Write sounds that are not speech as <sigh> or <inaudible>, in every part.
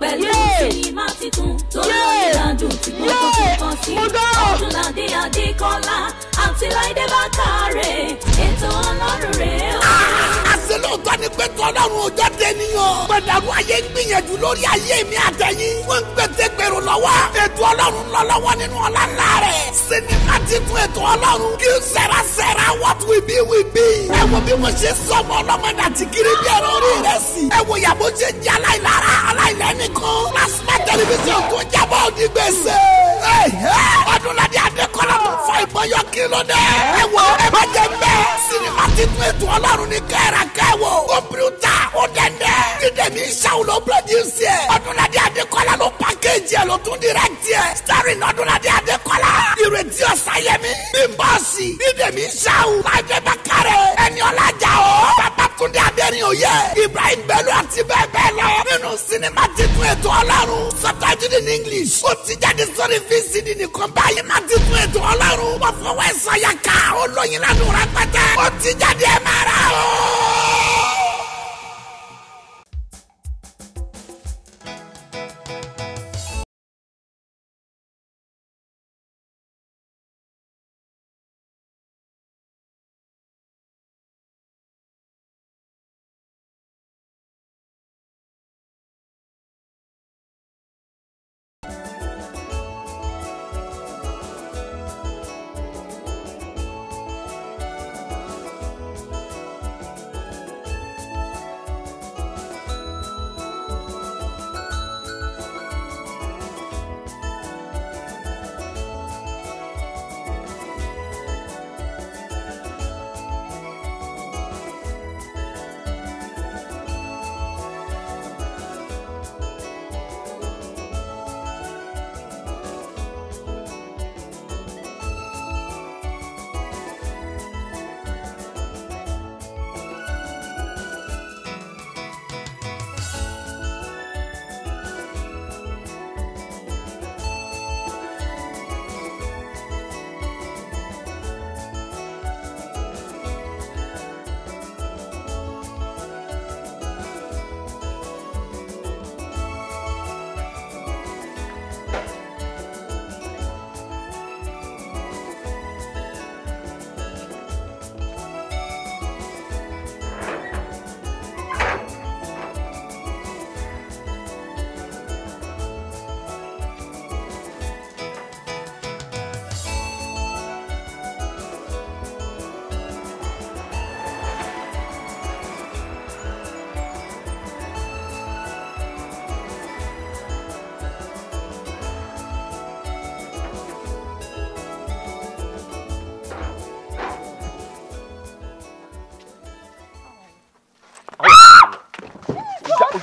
pẹ̀lú sinimá titun tó lórí tí mo tún kàn sí Ọdúnládé Adékọ́lá àti Láìdé Bákàrè ètò ọlọ́run rèé o. Ah, àṣẹ lóòótọ́ ni pé tọ́lọ́run ò jáde níyàn. gbẹ̀dàrú ayé ń gbìyànjú lórí ayé mi àtẹ̀yìn. wọ́n ń gbẹ̀tẹ̀gbẹ̀rù lọ́wọ́. ètò ọlọ́run lọ lọ́wọ́ nínú ọlá ńlá rẹ̀. sinimá ti tún ètò ọlọ́run. kí sẹ́ra sẹ́ra what will be will be. ẹ wo bí wọ́n ṣe sọmọ ọlọ́mọdé àti kiri bí ẹ̀rọ orí rẹ̀ sí. ẹ wo yàgò ṣe jẹ́ aláìlára aláìlẹ́ nìkan. plasma tẹlifíṣàn tó jábọ̀ ní gbèsè. ọdúnladé adékọ́lá tó fọ ìbọn yọ kí ló ẹ wo ẹ má jẹ bẹ́ẹ̀. sinimá ti tún ètò ọlọ́run ní kẹ́ẹ̀rẹ́ wo. kọ̀mpútà ó dẹ́ndẹ́. dídèmí sáwùlọ́ produce produce ẹ̀. ọdúnladé adékọ́lá ló pàkéjì ẹ̀ ló tún direct ẹ̀. starring ọdúnladé adékọ́lá. ìrètí ọ̀sáyẹmí. bímbọ́ọ̀sì. bídèmí sáwù. láìpẹ́ bàkàrẹ̀. ẹni ọ̀làjà o. babatunde adẹ́rìn òye. ibrahim bello àti bẹ́ẹ̀ bẹ́ẹ̀ lọ. nínú sinimá titun ètò ọlọ́run. sọtajúdì ní english. ó ti jáde sórí vcd nìkan báyìí. má titun ètò ọlọ́run. wọ́n fọwọ́ ìsọyà ká. olóyin lánàá rẹpẹtẹ. ó ti jáde ẹ̀ máa rà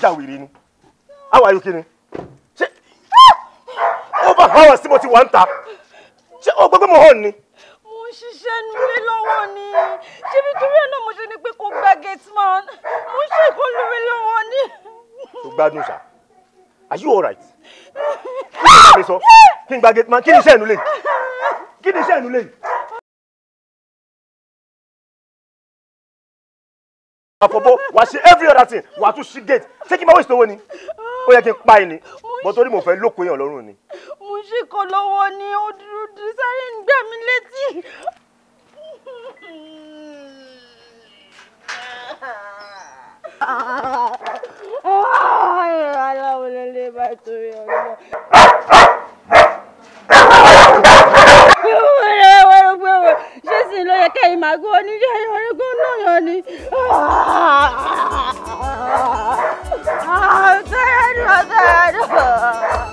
ṣàwìrì ni àwọn ayò kìíní ṣe over hours tí mo ti wà ń ta ṣe o gbọ́ pé mo hàn ni. mo ń ṣiṣẹ́ nílé lọ́wọ́ ni ṣé nítorí ẹ̀ náà mo ṣe ni pé kò gba gate man mo ń ṣe ìkọlù mi lọ́wọ́ ni. tó gbádùn ṣá are you alright? kí ni ìgbà gate man kí ni iṣẹ́ ìnulẹ̀ kí ni iṣẹ́ ìnulẹ̀ yìí. àfọ̀bọ́ wà á ṣe every other thing wà á tún ṣí gate ṣé kí n máa waste owó ni ó yẹ kí n pa ẹ ni bọ́ torí mo fẹ́ lóko èèyàn lọ́rùn ni. mo ṣì kọ lọ́wọ́ ni ó dúró dúró sáré ń gbà mí létí. aláwo ló lè bá torí ọjọ́. sì ló yẹ kẹ́yìn máa gbọ́ oníjẹ́ orígun náà yàn ni. I'm tired, I'm tired.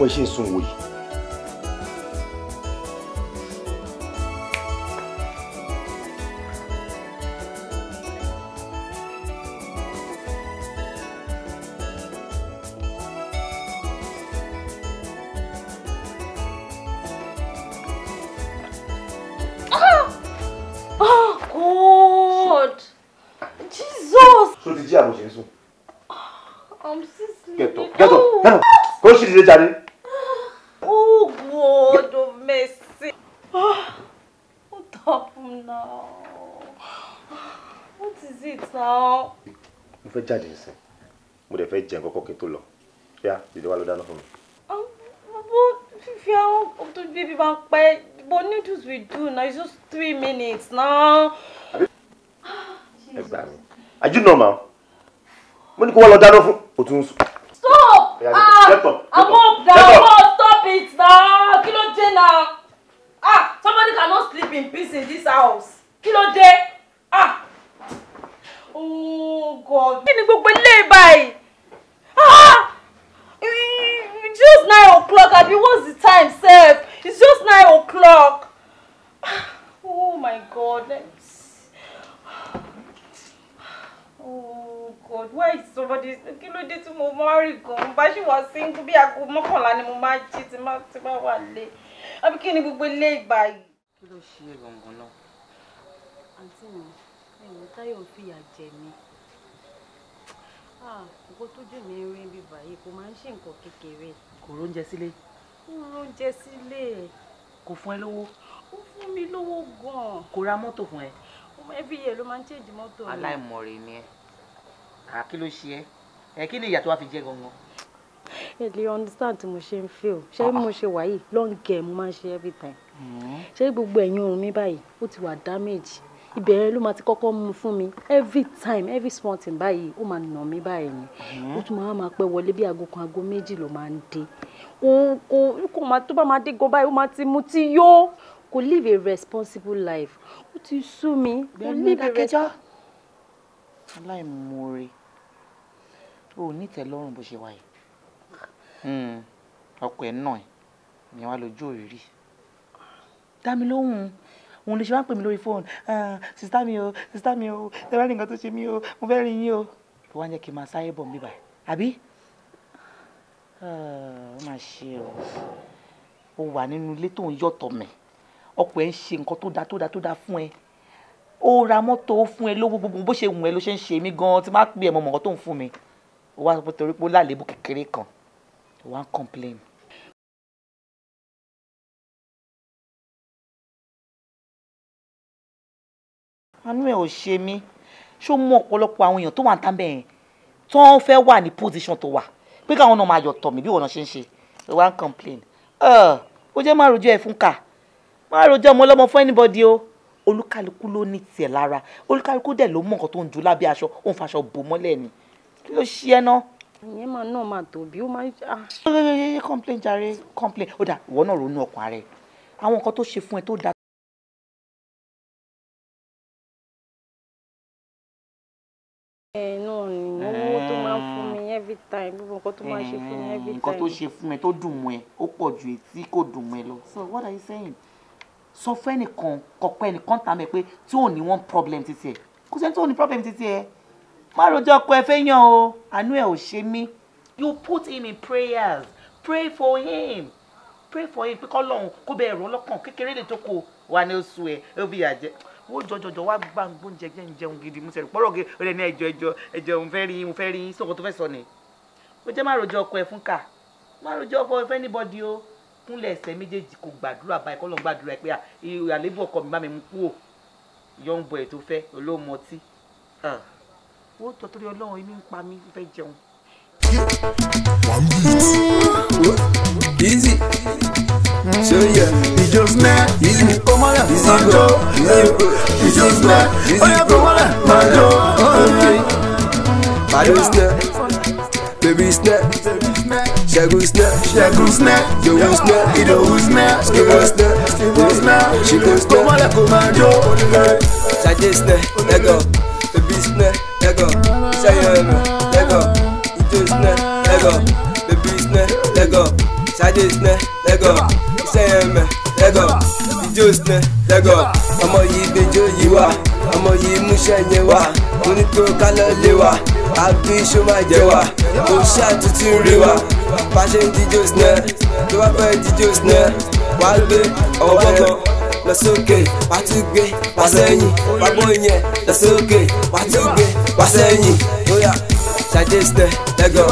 ọmọ ìṣe ń sun òwò yìí. jáde. sàn. mo fẹ́ jáde nísìn mo dẹ̀ fẹ́ jẹ nǹkan kọ́kẹ́ tó lọ yá dìde wá lọ dáná fún mi. bó fífi àwọn tó bíbí máa ń pẹ́ bó noodles we do na it's just three minutes na. ẹ gbà mí are you normal mo ní kó wá lọ dáná fún òtún sùn. stop ah amok na amok stop it na kí ló dé na ah somebody cannot sleep in peace in this house kí ló dé ah. Oh God. Kí ni gbogbo eléyìí báyìí? Ah! It's just nine o'clock abi what's the time sef? It's just nine o'clock. Oh my God. Oh God, why is somebody kí ló dé tí mo máa rí gan-an? Bá ṣì wá sí bí aago mọ́kànlá ni mo máa jí tí má tí má wà lé. Àbí kí ni gbogbo eléyìí báyìí? Kí ló ṣe é gangan náà? Àǹtí mi ẹ̀yìn táyọ̀ fìyà jẹ mi ah, kókó tójú mi ń rí bíbá yìí kò máa ń ṣe nǹkan kékeré. kò róúnjẹ sílé. ó róúnjẹ sílé. kò fún ẹ lówó. ó fún mi lówó gan-an. kò ra mọ́tò fún ẹ. ọmọ ẹbí yẹn ló máa ń change mọ́tò mi. aláìmọ̀ọ́rẹ́ ni ẹ kí ló ṣe ẹ ẹ kí ni ìyà tó fi jẹ gangan. ẹ lè understand tí mo ṣe ń feel ṣé bí mo ṣe wà yìí long hair mo máa ń ṣe every time hmm. ṣé gbogbo ẹ̀yìn ọrùn mi báyìí ó ti wà damage ibẹ̀ ló máa ti kọ́kọ́ mú fún mi every time every small thing báyìí ó máa nà mí báyìí ni mhm. ó tún máa máa pẹ́ wọlé bí aago kan aago méjì ló máa ń dé kò kò tó bá máa dé gan báyìí ó máa ti mutí yó kò live a responsible life ó ti sú mi kò live a responsible. aláìmoore o ò ní ìtẹ́lọ́rùn bó ṣe wà yìí hmm. ọkọ ẹ̀ náà ni wàá lójú òrìrì dá òun lè ṣe wá ń pè mí lórí fóònù ah, sista mi o sista mi o ẹ bá rí nǹkan tó ṣe mí o mo fẹ́ rí yín o tó wá ń jẹ́ kí n máa sáyé bọ̀ bíbà àbí ah, ó mà ṣe o ó wà nínú ilé tó ń yọ̀tọ̀ mẹ́ ọkọ ẹ̀ ń ṣe nǹkan tó dáa tó dáa tó dáa fún ẹ ó ra mọ́tò ó fún ẹ lówó gbogbo bó ṣe wù ẹ ló ṣe ń ṣe mí gan tí má pè ẹ mọ́ tó ń fún mi ó wá sọ pé torí pé ó lálébù kékeré kan ó wá ń complain àánú ẹ̀ ò ṣe mí ṣó mú ọ̀pọ̀lọpọ̀ àwọn èèyàn tó wà ń tán bẹ́ẹ̀ tó ń fẹ́ wà ní position tó wà pé káwọn náà máa yọ̀ tọ̀ mí bí wọ́n ṣe ń ṣe ẹ wá ń complain ó jẹ́ má rojọ́ ẹ̀ fún kà má rojọ́ ọmọ ọlọ́mọ fún anybody o olúkálukú ló ní tiẹ̀ lára olúkálukú dẹ̀ ló mọ̀ nǹkan tó ń ju lábẹ́ aṣọ òun faṣọ bò mọ́lẹ̀ ni kí ló ṣe ẹ́ náà ìyẹn máa náà máa tóbi ó máa ń jà. Ah. complain jàre complain ó dà ìwọ náà ronú ọkàn rẹ àwọn nǹkan tó ṣe fún ẹ tó da nǹkan tó ṣe fún mi tó dùn mọ́ ẹ ó pọ̀ ju etí kò dùn mọ́ ẹ lọ so what are you saying sọ fẹ́nìkan kọ̀pẹ́ ẹnìkan ta mẹ́ pé tí ò ní one problem títí ẹ kò sẹ́ni tó ní problem títí ẹ má rojọ́ ọkọ ẹ fẹ́ yàn o àánú ẹ ò ṣe mí you put him in prayers pray for him pray for him pé kọ́ lọ́hùn kó bẹ ẹ̀rọ ọlọ́kàn kékeré lè tó kó wa ní oṣù ẹ ó bí àjẹ́ ó jọjọjọ wá gbà ń gbóúnjẹ jẹ́ ń jẹun gidi mo sẹ̀rù pọ́rọ̀ gé ó ní ẹjọ́ ẹjọ́ ẹjọ́ mo fẹ́ rí mo fẹ́ rí sọ̀kò tó fẹ́ sọ ni ó jẹ́ má ọkọ ẹ fún kà má ọkọ ẹ fẹ́ níbọ̀dì o kúnlẹ̀ ẹsẹ̀ méjèèjì kò gbàdúrà báyìí kọ́ gbàdúrà pé àlébù ọkọ mi má mi mú kú ò young boy tó fẹ́ olóòmọ tí ó tọ́ ọlọ́run inú ń pa mí fẹ́ jẹun. easy. So yeah, he He He just just He's he's my go, go Baby ṣòye ìjọsìnẹ ìlú kọmọlẹ He ìjọsìnẹ ọyọ kọmọlẹ màjọ pàdé sinẹ She go ṣẹgun She go sinẹ yòówù sinẹ ìdòwú sinẹ ṣòwò sinẹ ṣòwò sinẹ Let go. kọmọlẹ kò let go. ṣàjẹ sinẹ let go. He ẹgọ ṣẹyọ let go. Baby ẹgọ let go. ẹgọ ṣàjẹ let go sẹ́yẹ̀mẹ̀ Lego. ìjọ́sìnẹ eh, lẹ́gọ̀ ọmọ yìí gbẹjọ́ yìí wá ọmọ yìí múṣẹ́ yẹn wá onítò kálọ̀ lé wá àbí iṣó máa jẹ wá kò ṣàtútù rí wá pàṣẹ ìdíjọ́sìnẹ eh, tó bá fẹ́ ìdíjọ́sìnẹ eh, wàá gbé ọwọ́ kan lọ sókè pàtúgbé pàṣẹyìn pàbó yẹn lọ sókè pàtúgbé pàṣẹyìn bóyá ṣàjẹsìnẹ lẹ́gọ̀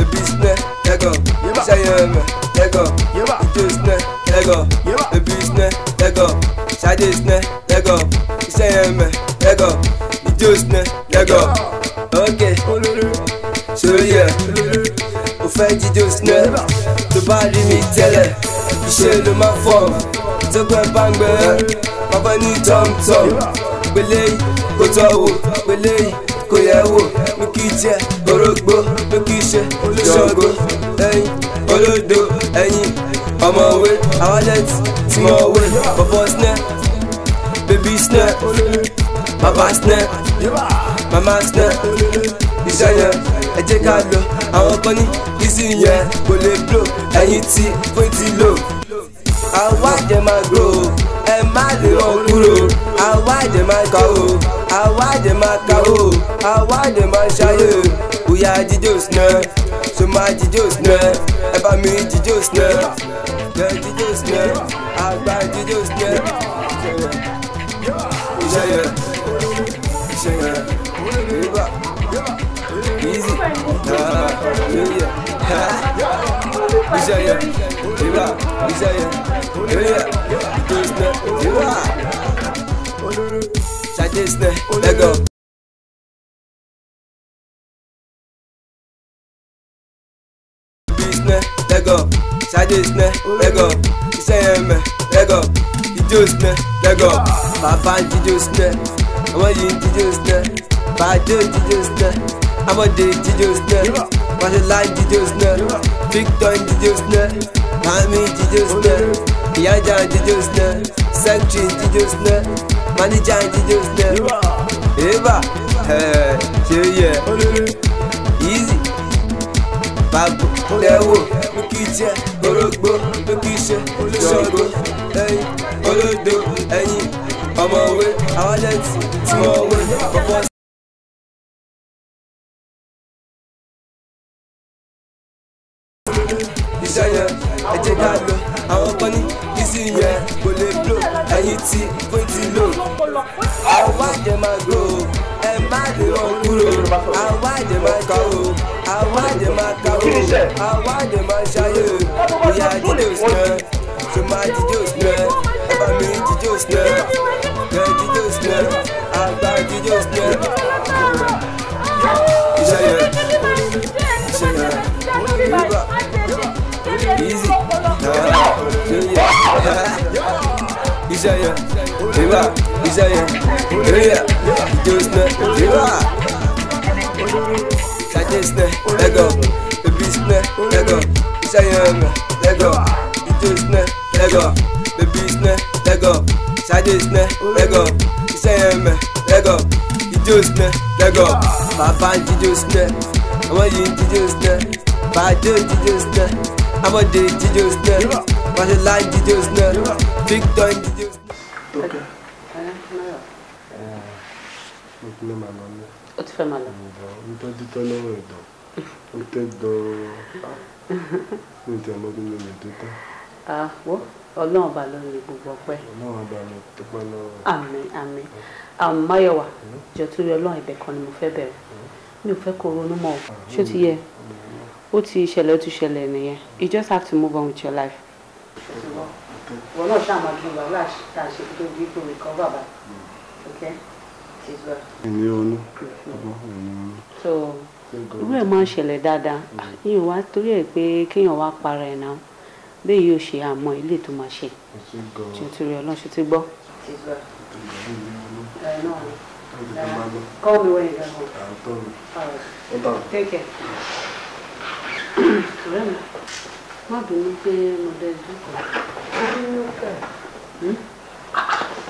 òbí sinẹ lẹ́gọ̀ ṣẹ́yẹ̀mẹ̀ leg up. Uche snare, leg up. Baby snare, leg up. Sade snare, leg up. Iseyeme, leg up. Ijo snare, leg up. Okay, sori ẹ, o fẹ́ jíjó snare, tó bá rí mi tẹ́lẹ̀, iṣẹ́ ló máa fọ̀, tẹ́gbẹ́ bá ń gbẹ̀rẹ̀, bàbá ní tọ́mtọ́m, gbélé yìí kò tọ́ wò, gbélé yìí kò yẹ wò, mi kì í jẹ orógbó, mi kì í ṣe olóṣogbo, ẹyin olódo ẹyin ọmọwé awalet tí mo wé bọbọ snẹ bébí snẹ bàbá snẹ màmá snẹ iṣẹ́ yẹn ẹ jẹ́ ká lọ àwọn kan ní ìsìn yẹn kò lè bló ẹyin tí fún ti lò àwa jẹ máa gbó ẹ má lè wọn kúrò àwa jẹ máa kà ó àwa jẹ máa kà ó àwa jẹ máa ṣayé òyà jíjó sinẹ sọmọ jíjó sinẹ ẹ bá mi jíjó snap jẹ jíjó snap àgbà jíjó snap ìṣẹyẹ ìṣẹyẹ ìrúbà easy ìṣẹyẹ ìrúbà ìṣẹyẹ ìrúbà jíjó snap ìrúbà ṣàjẹ́ snap lẹ́gọ̀ọ́. isne lego sade isne lego iseyeme lego jíjó isne lego bàbá ń jíjó isne ọmọ yìí ń jíjó isne bàjẹ́ jíjó isne amọ̀dé jíjó isne wàṣẹlá jíjó isne victor jíjó isne mami jíjó isne ìyájà jíjó isne secretary jíjó isne manager jíjó Eva. Hey. ṣe yẹ easy babu lẹ́wọ̀ mú kí jẹ́ orógbó mú kí ṣe olóṣogbo ẹyin olódo ẹyin ọmọwé àwọn tí wọ́n wé ọ̀pọ̀. iṣẹ́ yẹn ká lọ àwọn kan ní bísí yẹn kò lè blow ẹyin tí pọ́ǹtì lò àwọn máa jẹ máa gbó ẹ má lè wọ́n kúrò àwọn àjẹ máa ká o àwọn àjẹ máa ká o àwọn àjẹ máa ṣayé o ìyá jíjẹ òsínà ṣe máa jíjẹ òsínà ẹ bá mi jíjẹ òsínà ẹ jíjẹ òsínà àgbà jíjẹ òsínà. ìṣẹ̀yẹ ìṣẹ̀yẹ обещаем Рея, вкусно, дела Конечно, лего, бесна, лего Обещаем, лего, вкусно, лего Бесна, лего, садисна, лего Обещаем, lego ijosne lego baba jijosne ọmọdé jijosne bàjọ jijosne amọdé jijosne wàṣẹlá jijosne victor jijosne. tẹ̀ dán ó tẹ̀ dán mi tẹ̀ mọ́ bí mi lè dé tán. àwọ̀ ọlọ́run bá lọ ní gbogbo ọpẹ́. ọlọ́run bá mi dúpẹ́ lọ́wọ́. àmín àmín àmọ́yọ̀wá um, hmm? jọ torí ọlọ́run ẹ̀bẹ̀ kan ni mo fẹ́ bẹ̀rẹ̀ hmm? mi ò fẹ́ kó ronú mọ́ ọ ah, ṣó ti ti ṣẹlẹ̀ ó ti ṣẹlẹ̀ nìyẹn you just have to move on with your life. wọn náà ṣáà máa dùn wàhálà tá ṣe kí tó di kó recover bá hmm. ok. ìní ọ̀nà. so irú ẹ̀ máa ń ṣẹlẹ̀ dáadáa mm-hmm. yìí wá torí ẹ̀ pé kéèyàn wá para ẹ̀ náà bẹ́ẹ̀ yóò ṣe àmọ́ ilé tó máa ṣe tuntun rẹ̀ ọlọ́run ti gbọ́. Call me when you get home. I'll tell you. All right. Hold on. Take care. <coughs> má bínú pé mo dẹ̀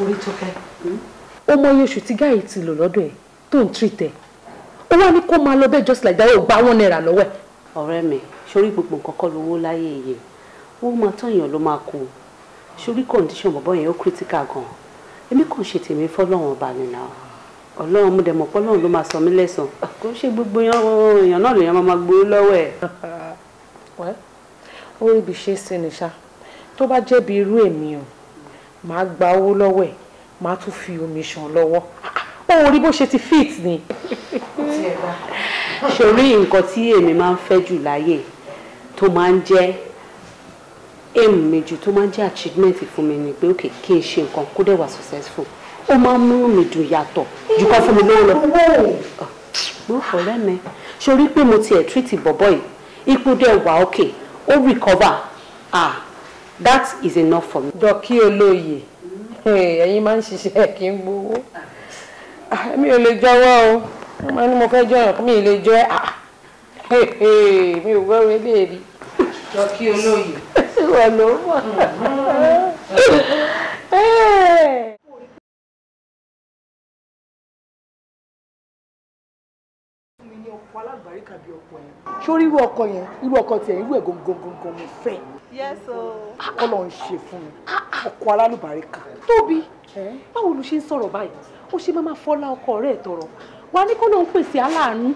Orí tó kẹ́. Ó mọ oṣù tí gáyìí ti lò lọ́dọ̀ ẹ̀ tó ń tírì tẹ̀ ó wá ní kó máa lọ bẹ́ẹ̀ just like that ó gba one naira lọ́wọ́ ẹ̀. ọ̀rẹ́ mi sórí gbogbo nǹkan kọ́ lówó láyé yìí owó máa tán èèyàn ló máa kú sórí condition bọ̀bọ̀ yẹn ó critical gan èmi kàn ṣe tèmi fọlọ́run ọba nìyà ọlọ́run mú dẹ̀ mọ̀ ló máa sọ mí lẹ́sàn kó ṣe gbogbo èèyàn náà lèèyàn máa gbowó lọ́wọ́ ẹ̀. <laughs> ó rí ibi ṣe é sí ni ṣá tó bá jẹ́ irú èmi o màá gba owó lọ́wọ́ ẹ̀ màá tún fi omi ṣàn lọ́wọ́ <laughs> ó rí bó ṣe ti fit ni ṣorí nǹkan tí èmi máa ń fẹ́ jù láyè tó máa ń jẹ́ aim méjì tó máa ń jẹ́ achievement fún mi ni pé okay kí n ṣe nǹkan kó dẹ̀ wà successful ó máa ń mú mi dùn yàtọ̀ jù kọ́ fún mi lówó lọ. mo fọ̀rẹ́ mi ṣorí pé mo tiẹ̀ treat bọ̀bọ̀ yìí ipò dẹ̀ wà okay ó recover ah that is enough for me. dọ́kí olóye ẹ̀yin máa ń ṣiṣẹ́ kí n gbowó. Ah, mi ò lè jọ̀wọ́ o ọmọ ni mo fẹ́ jọyàn mi ò lè jọ ẹ́ ah, mi ò gbọ́ wẹ́lé rí. lọ kí olóyè. <laughs> ìwọ ló mọ̀. <laughs> Eh. sórí irú ọkọ yẹn irú ọkọ tiẹ̀ irú ẹ̀ gongongongo mo fẹ́. ọlọ́run ah, ṣe fún mi ọkọ alálùbáríkà. tóbi báwo ló ṣe ń sọ̀rọ̀ báyìí ó ṣe máa fọlá ọkọ rẹ̀ tọrọ wa ní kó ló ń pèsè aláàánú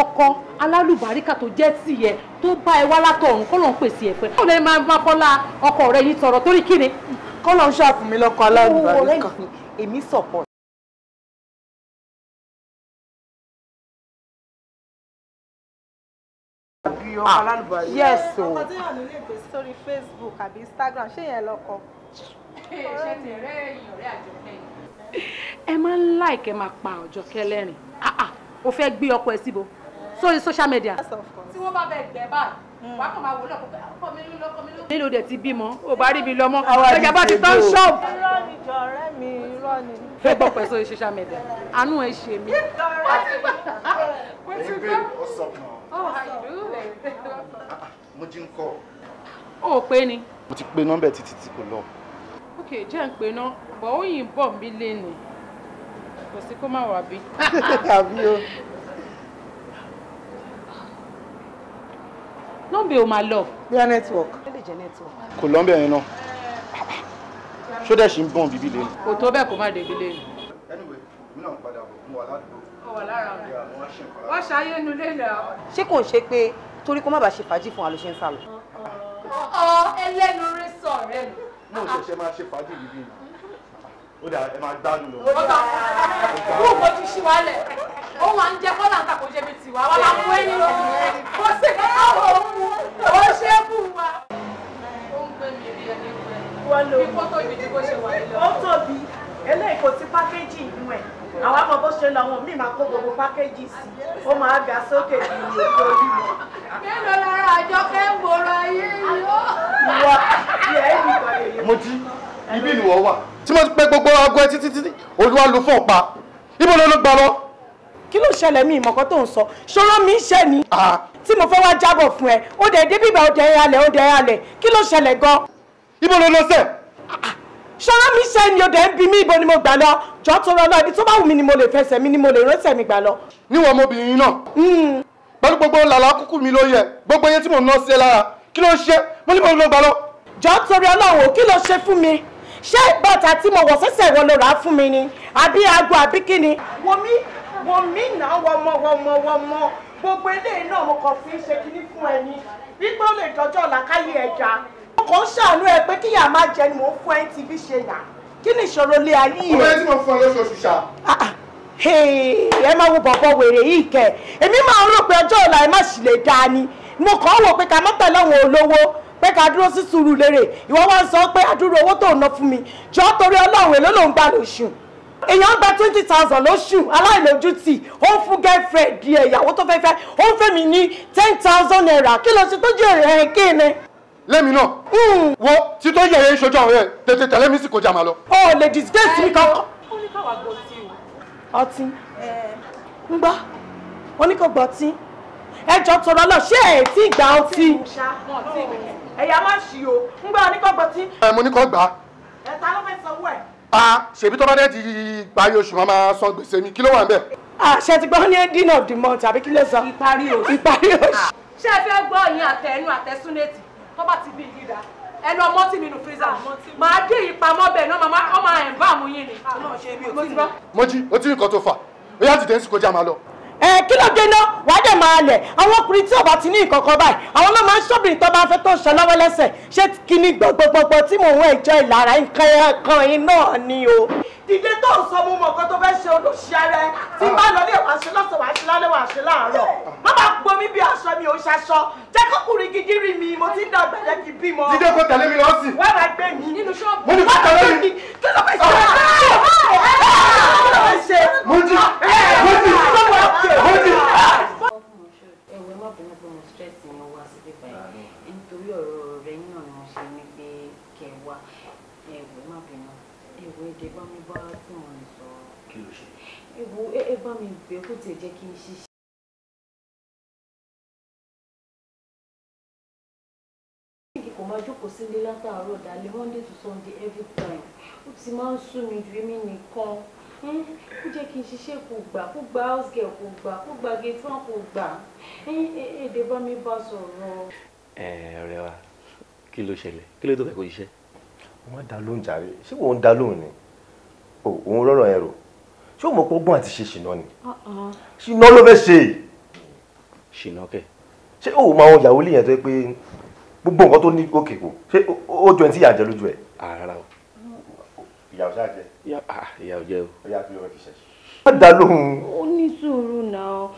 ọkọ alálùbáríkà tó jẹ́ tìyẹ tó bá ẹ wá látọ̀run kó ló ń pèsè ẹ̀fẹ́ kó lè máa fọlá ọkọ rẹ̀ yìí tọrọ torí kíni. kọ́ ló ń ṣàfùn mi lọ́kọ alálùbáríkà èmi support. yes o. ọkọ tí yàn nílé gbèsè sórí Facebook àbí Instagram ṣé yẹn lọkọ. ṣé ti rẹ́ ìyọ̀rẹ́ àjọpẹ́ yìí ẹ máa ń like ẹ máa pa ọjọ́ kẹlẹ́rìn o fẹ́ gbé ọkọ ẹ síbo sórí social media. tí wọ́n bá bẹ gbẹ báyìí wàá kàn máa wò lọ́kọ̀ pé ọkọ mi ló lọ́kọ mi ló. nílò dẹ̀ ti bímọ ò bá rí mi lọ́mọ ọjà bá ti tán ṣọ́ọ̀bù. irọ́ ni jọ ọ̀rẹ́ mi irọ́ ni. fẹ́ gbọ́ pẹ̀ sórí social media àánú ẹ ṣe mí. mo ti ń kọ́. o ò pé ni. mo ti pe nọ́mbẹ̀ títí tí kò lọ jẹ́ ń pe ná bọ̀ ó yìn bọ̀ mí lé nì kò sí kó má wà bí. <laughs> àbí o. nọ́ọ̀bì ò máa lọ. bíyà network. ó network. kò lọ́ọ̀bì ẹ̀yin náà ṣó dẹ̀ ṣì ń bọ̀n bíbí lé nì. kò tó bẹ́ẹ̀ kó má débi lé nì. anyway mi náà ń padà bọ̀ mo wà ládùúgbò. ó wà lára rẹ̀ wọ́n ṣayé nulẹ̀ náà. ṣé kò ń ṣe pé torí kó má bàa ṣe fàájì fún wa ló ṣe ń sá lọ. ọ ẹlẹ́nu rí sọ mi mo ṣẹ̀ṣẹ̀ máa ṣe fàájì yìí bí nà ó dà ẹ máa gbádùn lọ. ọba kú kò ti ṣí wa lẹ òun à ń jẹ kọ́là ń takò jẹbi tì wá wà á mú ẹyin lọ kó sì ká káwọ òun ó ṣe é fún wa. ó ń gbé mi rí ẹni wẹ kí kó tóbi ju bó ṣe wà nílẹ̀. ó tóbi eléyìí kò sí pákéjì inú ẹ̀ àwọn àmọ́ bó ṣe lọ wọn míì máa kó gbogbo pákéjì sí ó máa ga sókè bí i ojú orí wọn. mélòó lára àjọ kẹ́ ń gbòòrò ayé yìí. ìwọ ti ẹ̀ ń bọ̀ lè. mo jí ibi ìlúwọ̀ wà tí mo ti pẹ́ gbogbo aago ẹ títí títí olúwa ló fọ̀ pa ibo ló ló gbà lọ. kí ló ṣẹlẹ̀ mi ìmọ̀kọ́ tó ń sọ ṣọ́rọ́ mi ń ṣẹ́ ni tí mo fẹ́ wá jábọ̀ fún ẹ ó dẹ̀ débi ìgbà ó dẹ̀ ẹ́ halẹ̀ ó dẹ̀ ẹ́ halẹ̀ kí ló ṣẹlẹ̀ gan. ibo ló lọ sẹ́ẹ̀ ṣọ́rọ́ mi ṣe ni ọdẹ ń bi mí ibo ni mo gbà lọ jọ́ tó rọ lọ ibi tó bá wù mí ni mo lè fẹsẹ̀ mi ni mo lè rẹ́sẹ̀ mi gbà lọ. níwọ̀n ọmọbìnrin náà hmm. pẹ̀lú gbogbo làlá kúkú mi ló yẹ gbogbo iye tí mò ń ná sí ẹ lára kí ló ń ṣe mo ní mo ló gbà lọ. jọ́ torí ọlọ́run kí ló ṣe fún mi ṣé bàtà tí mo wọ̀ sẹ́sẹ̀ wọ ló rà á fún mi ni àbí aago àbí kí ni. wo mí wo mí náà wọmọ wọmọ wọmọ gbogbo eléyìí náà mo kàn fi ń ṣe kínní fún ẹ gbígbó lè dọjọ́ làkáyé ẹja. mo kàn ń ṣàánú ẹ pé kíyà má jẹ ni mò ń fún ẹ ń tibí ṣe yàn. kini soro le lé ayé yẹn. ọmọ ẹ tí mo ah ah lóṣooṣù ṣá. ẹ wo bọ̀bọ̀ were yìí kẹ èmi máa ń rò pé ọjọ́ ni mo ka wò pe ka má tẹ̀lé àwọn olowo pe ka dúró sí sùúrù lérè ìwọ wá so pe aduro owo to tó fun mi jo tori ọlọ́run èló lo ń gbà lóṣù èèyàn gba twenty thousand lóṣù aláìlójútì ó girlfriend lẹ́mi náà wo tí tó yẹ̀yẹ́ ìṣojú àwọn ẹ̀ tètè tẹ̀lé mi sì kò jà máa lọ. o lè disgrace mi kankan. ó ní káwa gbọ́ ọtí o. ọtí ń gbọ́ ó ní kò gbọ́ ọtí ẹjọ́ tọrọ lọ ṣé ẹ̀ tí ìgbà ọtí. ẹ̀yà má ṣì o ń gbọ́ ní kò gbọ́ ọtí. ẹ mo ní kò gbà. ẹ ta ló fẹ́ sanwó ẹ̀. a ṣèbí tó bá dẹ́ ti parí oṣù máa máa san gbèsè mi kí ló wà ń bẹ̀. àṣẹ ti gbọ́ ní end of the month àbí kí ló sọ. ìparí oṣù. ìparí oṣù. ṣé ẹ fẹ́ gbọ́ ìyẹn àtẹnu àtẹsúnẹ̀tì tó bá ti bí yìí dá ẹ lọ mọ́tì mi nù freezer màá dé ìpamọ́ bẹ̀ náà màá ọmọ ẹ̀ ń bá àmú yín ni. Mojí ah, o ti rí nǹkan tó fà ó yá dìde ń sìnkú já máa lọ. ẹ kí ló dé náà wàá dẹ̀ máa lẹ̀ àwọn ọkùnrin tí ọba ti ní ìkọ̀kọ̀ báyìí àwọn náà máa ń ṣọ́bìnrin tó bá fẹ́ tó ń ṣe lọ́wọ́ lẹ́sẹ̀ ṣé kí ni gbogbogbò tí mò ń wọ ìjọ ìlara nǹkan ẹ̀kan yín náà ni o dìde tó ń sọ mo mọ̀ nǹkan tó fẹ́ ṣe olóṣì ara ẹ tí bá lọ lè wàá ṣe lọ́sàn wàá ṣe lálẹ́ wàá ṣe láàárọ̀ má bàa gbomi bí aṣọ mi ò ṣaṣọ jẹ́ kókùnrin gidi rí mi mo ti ń dàgbà jẹ́ kí bímọ. dídé kò tẹ̀lé mi lọ́sì. wọ́n máa gbé mi nínú ṣọ́ọ̀bù. mo ní kó tẹ̀lé mi. kí ló fẹ́ ṣe kí ló fẹ́ mo ti mo ti mo ti. dé bá mi bá tí wọ́n ń sọ. kí ló ṣe. ewu ẹ bá mi bẹ̀ kó tiẹ̀ jẹ́ kí n ṣiṣẹ́. kò máa jókòó sílé látàárọ̀ dalẹ́ monday to sunday every time ó ti máa ń sú mi ju èmi nìkan kó jẹ́ kí n ṣiṣẹ́ kó gbà kó gba house girl kó gbà kó gba gate fan kó gbà èdè bá mi bá sọ̀rọ̀. ẹ ọ̀rẹ́ wa kí ló ṣẹlẹ̀ kí ló tó fẹ́ kó ṣiṣẹ́. wọ́n á dá lóhùn jàre ṣé wọ́n ń dá lóhùn ni o òun rọrọ yẹn rò ṣé o mọ̀ pé ọgbọ́n àti ṣe ṣìnà ni uh-uh. ṣìnà ló fẹ́ ṣe ṣìnà kẹ ṣé o mọ̀ àwọn ìyàwó lè yẹn tó pé gbogbo nǹkan tó ní òkè kò ṣé o jọ ẹni tí ìyà jẹ lójú ẹ. ara o ìyàwó ṣáà jẹ. ìyàwó ah, jẹ o. ó yà á fi ọmọ fi ṣẹ̀ṣẹ̀ má dá lóhùn. ó ní sùúrù náà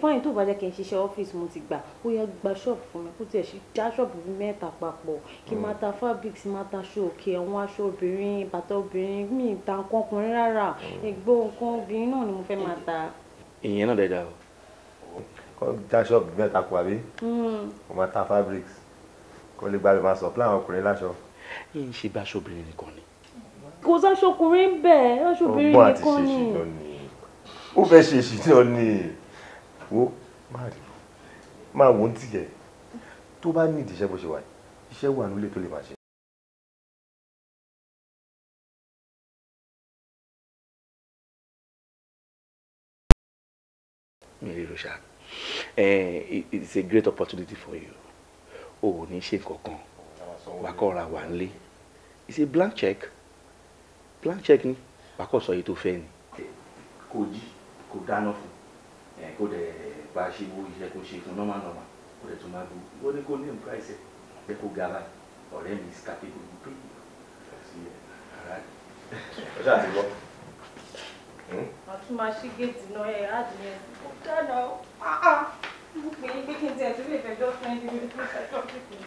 fine tó bá jẹ́ kí n ṣiṣẹ́ ọ́fíìsì mo ti gbà ó yẹ gba shop fún mi kó tiẹ̀ ṣe já ṣọ́ọ̀bù mẹ́ta papọ̀ kí n máa ta fabrics máa ta aṣọ òkè àwọn aṣọ obìnrin bàtà obìnrin mi ta nǹkan ọkùnrin rárá ẹgbẹ́ nǹkan obìnrin náà ni mo fẹ́ máa ta. ìyẹn náà o. kọ́ já ṣọ́ọ̀bù mẹ́ta pọ̀ àbí mo hmm. máa ta fabrics kó lè gbàgbé máa sọ plan ọkùnrin láṣọ. yìí ń ṣe bá aṣọ obìnrin nìkan ni. kò sáṣọ ọkùnrin bẹ́ẹ̀ aṣọ obìnrin nìkan ni ó fẹ́ ṣe èsì náà ni máa wò ó tiẹ̀ tó bá ní ìdíṣẹ́ bó ṣe wà iṣẹ́ wà nílé tó lè máa ṣe. mi rí rosha it's a great opportunity for you o ò ní ṣe nǹkan kan wà nílé it's a blank check blank check ni wà á kọ́ sọ èyí tó fẹ́ ni. kò jí kó dáná fún kó dẹ̀ bá ṣe wo iṣẹ ṣe fún normal normal kó dẹ̀ tún máa gbó ó ní kó ní nǹkan àìsẹ pé kó ga báyìí ọ̀rẹ́ mi is capable you pay you sí ẹ ara rẹ. ó ṣáà ti wọ. Hmm? àtúmọ̀ ṣí géètì náà ẹ̀ adìyẹ kó dáná ah, ah. mo pè é pé kí n tiẹ̀ tún lè fẹjọ́ fún ẹni mi ló fẹjọ́ fún mi.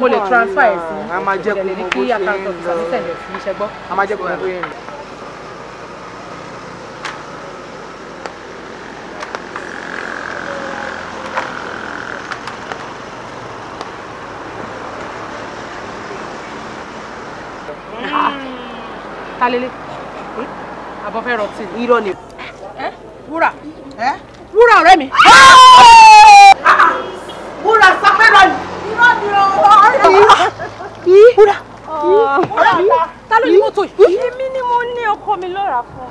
mo lè transfer ẹ̀ sí ìdẹ̀lẹ̀ ní kí account officer ní sẹ̀lẹ̀ sí iṣẹ́ gbọ́. a máa jẹ́ kó ẹ bóyá ah, hmm? fẹ́ rọtí irọ́ ni eh? wúrà eh? wúrà ọ̀rẹ́ mi. Ah! Búra. Búra ta. Ta ló ní mọ́tò yìí? Èmi ni mo ní ọkọ mi lọ́ra fún.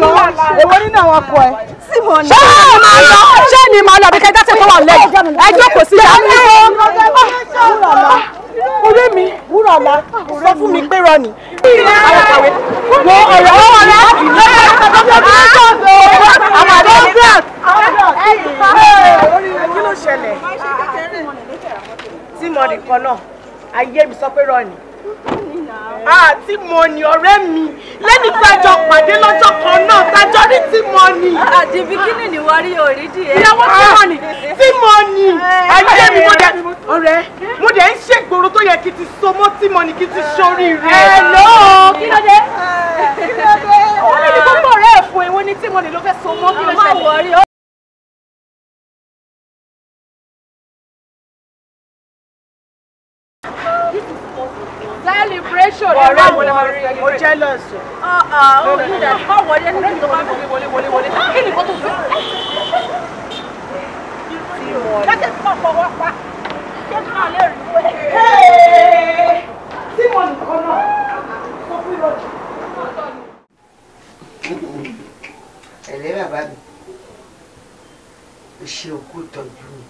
Jọ̀wọ́ èwo nínú àwọn ọkọ ẹ? Símọ̀ ni. Ṣé ẹ máa lọ? Ṣé ẹni máa lọ àbí kẹjá tẹ̀ tó wà lẹ́yìn? Ẹ jókòó sí ìyá mi. Orí mi, wúrà la, sọ fún mi pé rọ ni. Àwọn ọ̀rẹ́ ọ̀rẹ́ ọ̀rẹ́ ọ̀rẹ́ ọ̀rẹ́ ọ̀rẹ́ ọ̀rẹ́ kan náà ayé mi sọ pé rọ́ọ̀nì àti ah, ah, mo ni ọ̀rẹ́ mi lẹ́ni tájọ pàdé lọ́jọ́ kan náà tájọ rí tí mo ni. àdìbí ah, kí ni ìwà rí òrí díẹ̀. ìyàwó tí mo ni tí mo ni eh. ayé mi mo dẹ eh. ọ̀rẹ́ mo dẹ ń ṣègboro tó yẹ kí ti so mọ́ tí mo ni kí ti eh. ṣoríire. ẹ lọ kí ló dé. kí ló dé. ó ní ní gbogbo ọ̀rẹ́ ẹ̀fọ́ èwo ni tí mo ni ló fẹ́ so mọ́ kí ló ṣẹlẹ̀. lọ sùn. ó ní ìdájọ́ bá wọlé ní ìjọba wọlé wọlé wọlé wọlé ah, kí ni kò tó fún. lọ́sẹ̀ tí wọ́n fọwọ́ pa ṣé kí wọ́n lè rí wọlé. tí mo nìkan náà mo fi lọ jù. ẹ̀lẹ́ bàbá mi ṣe òkú tọ́jú mi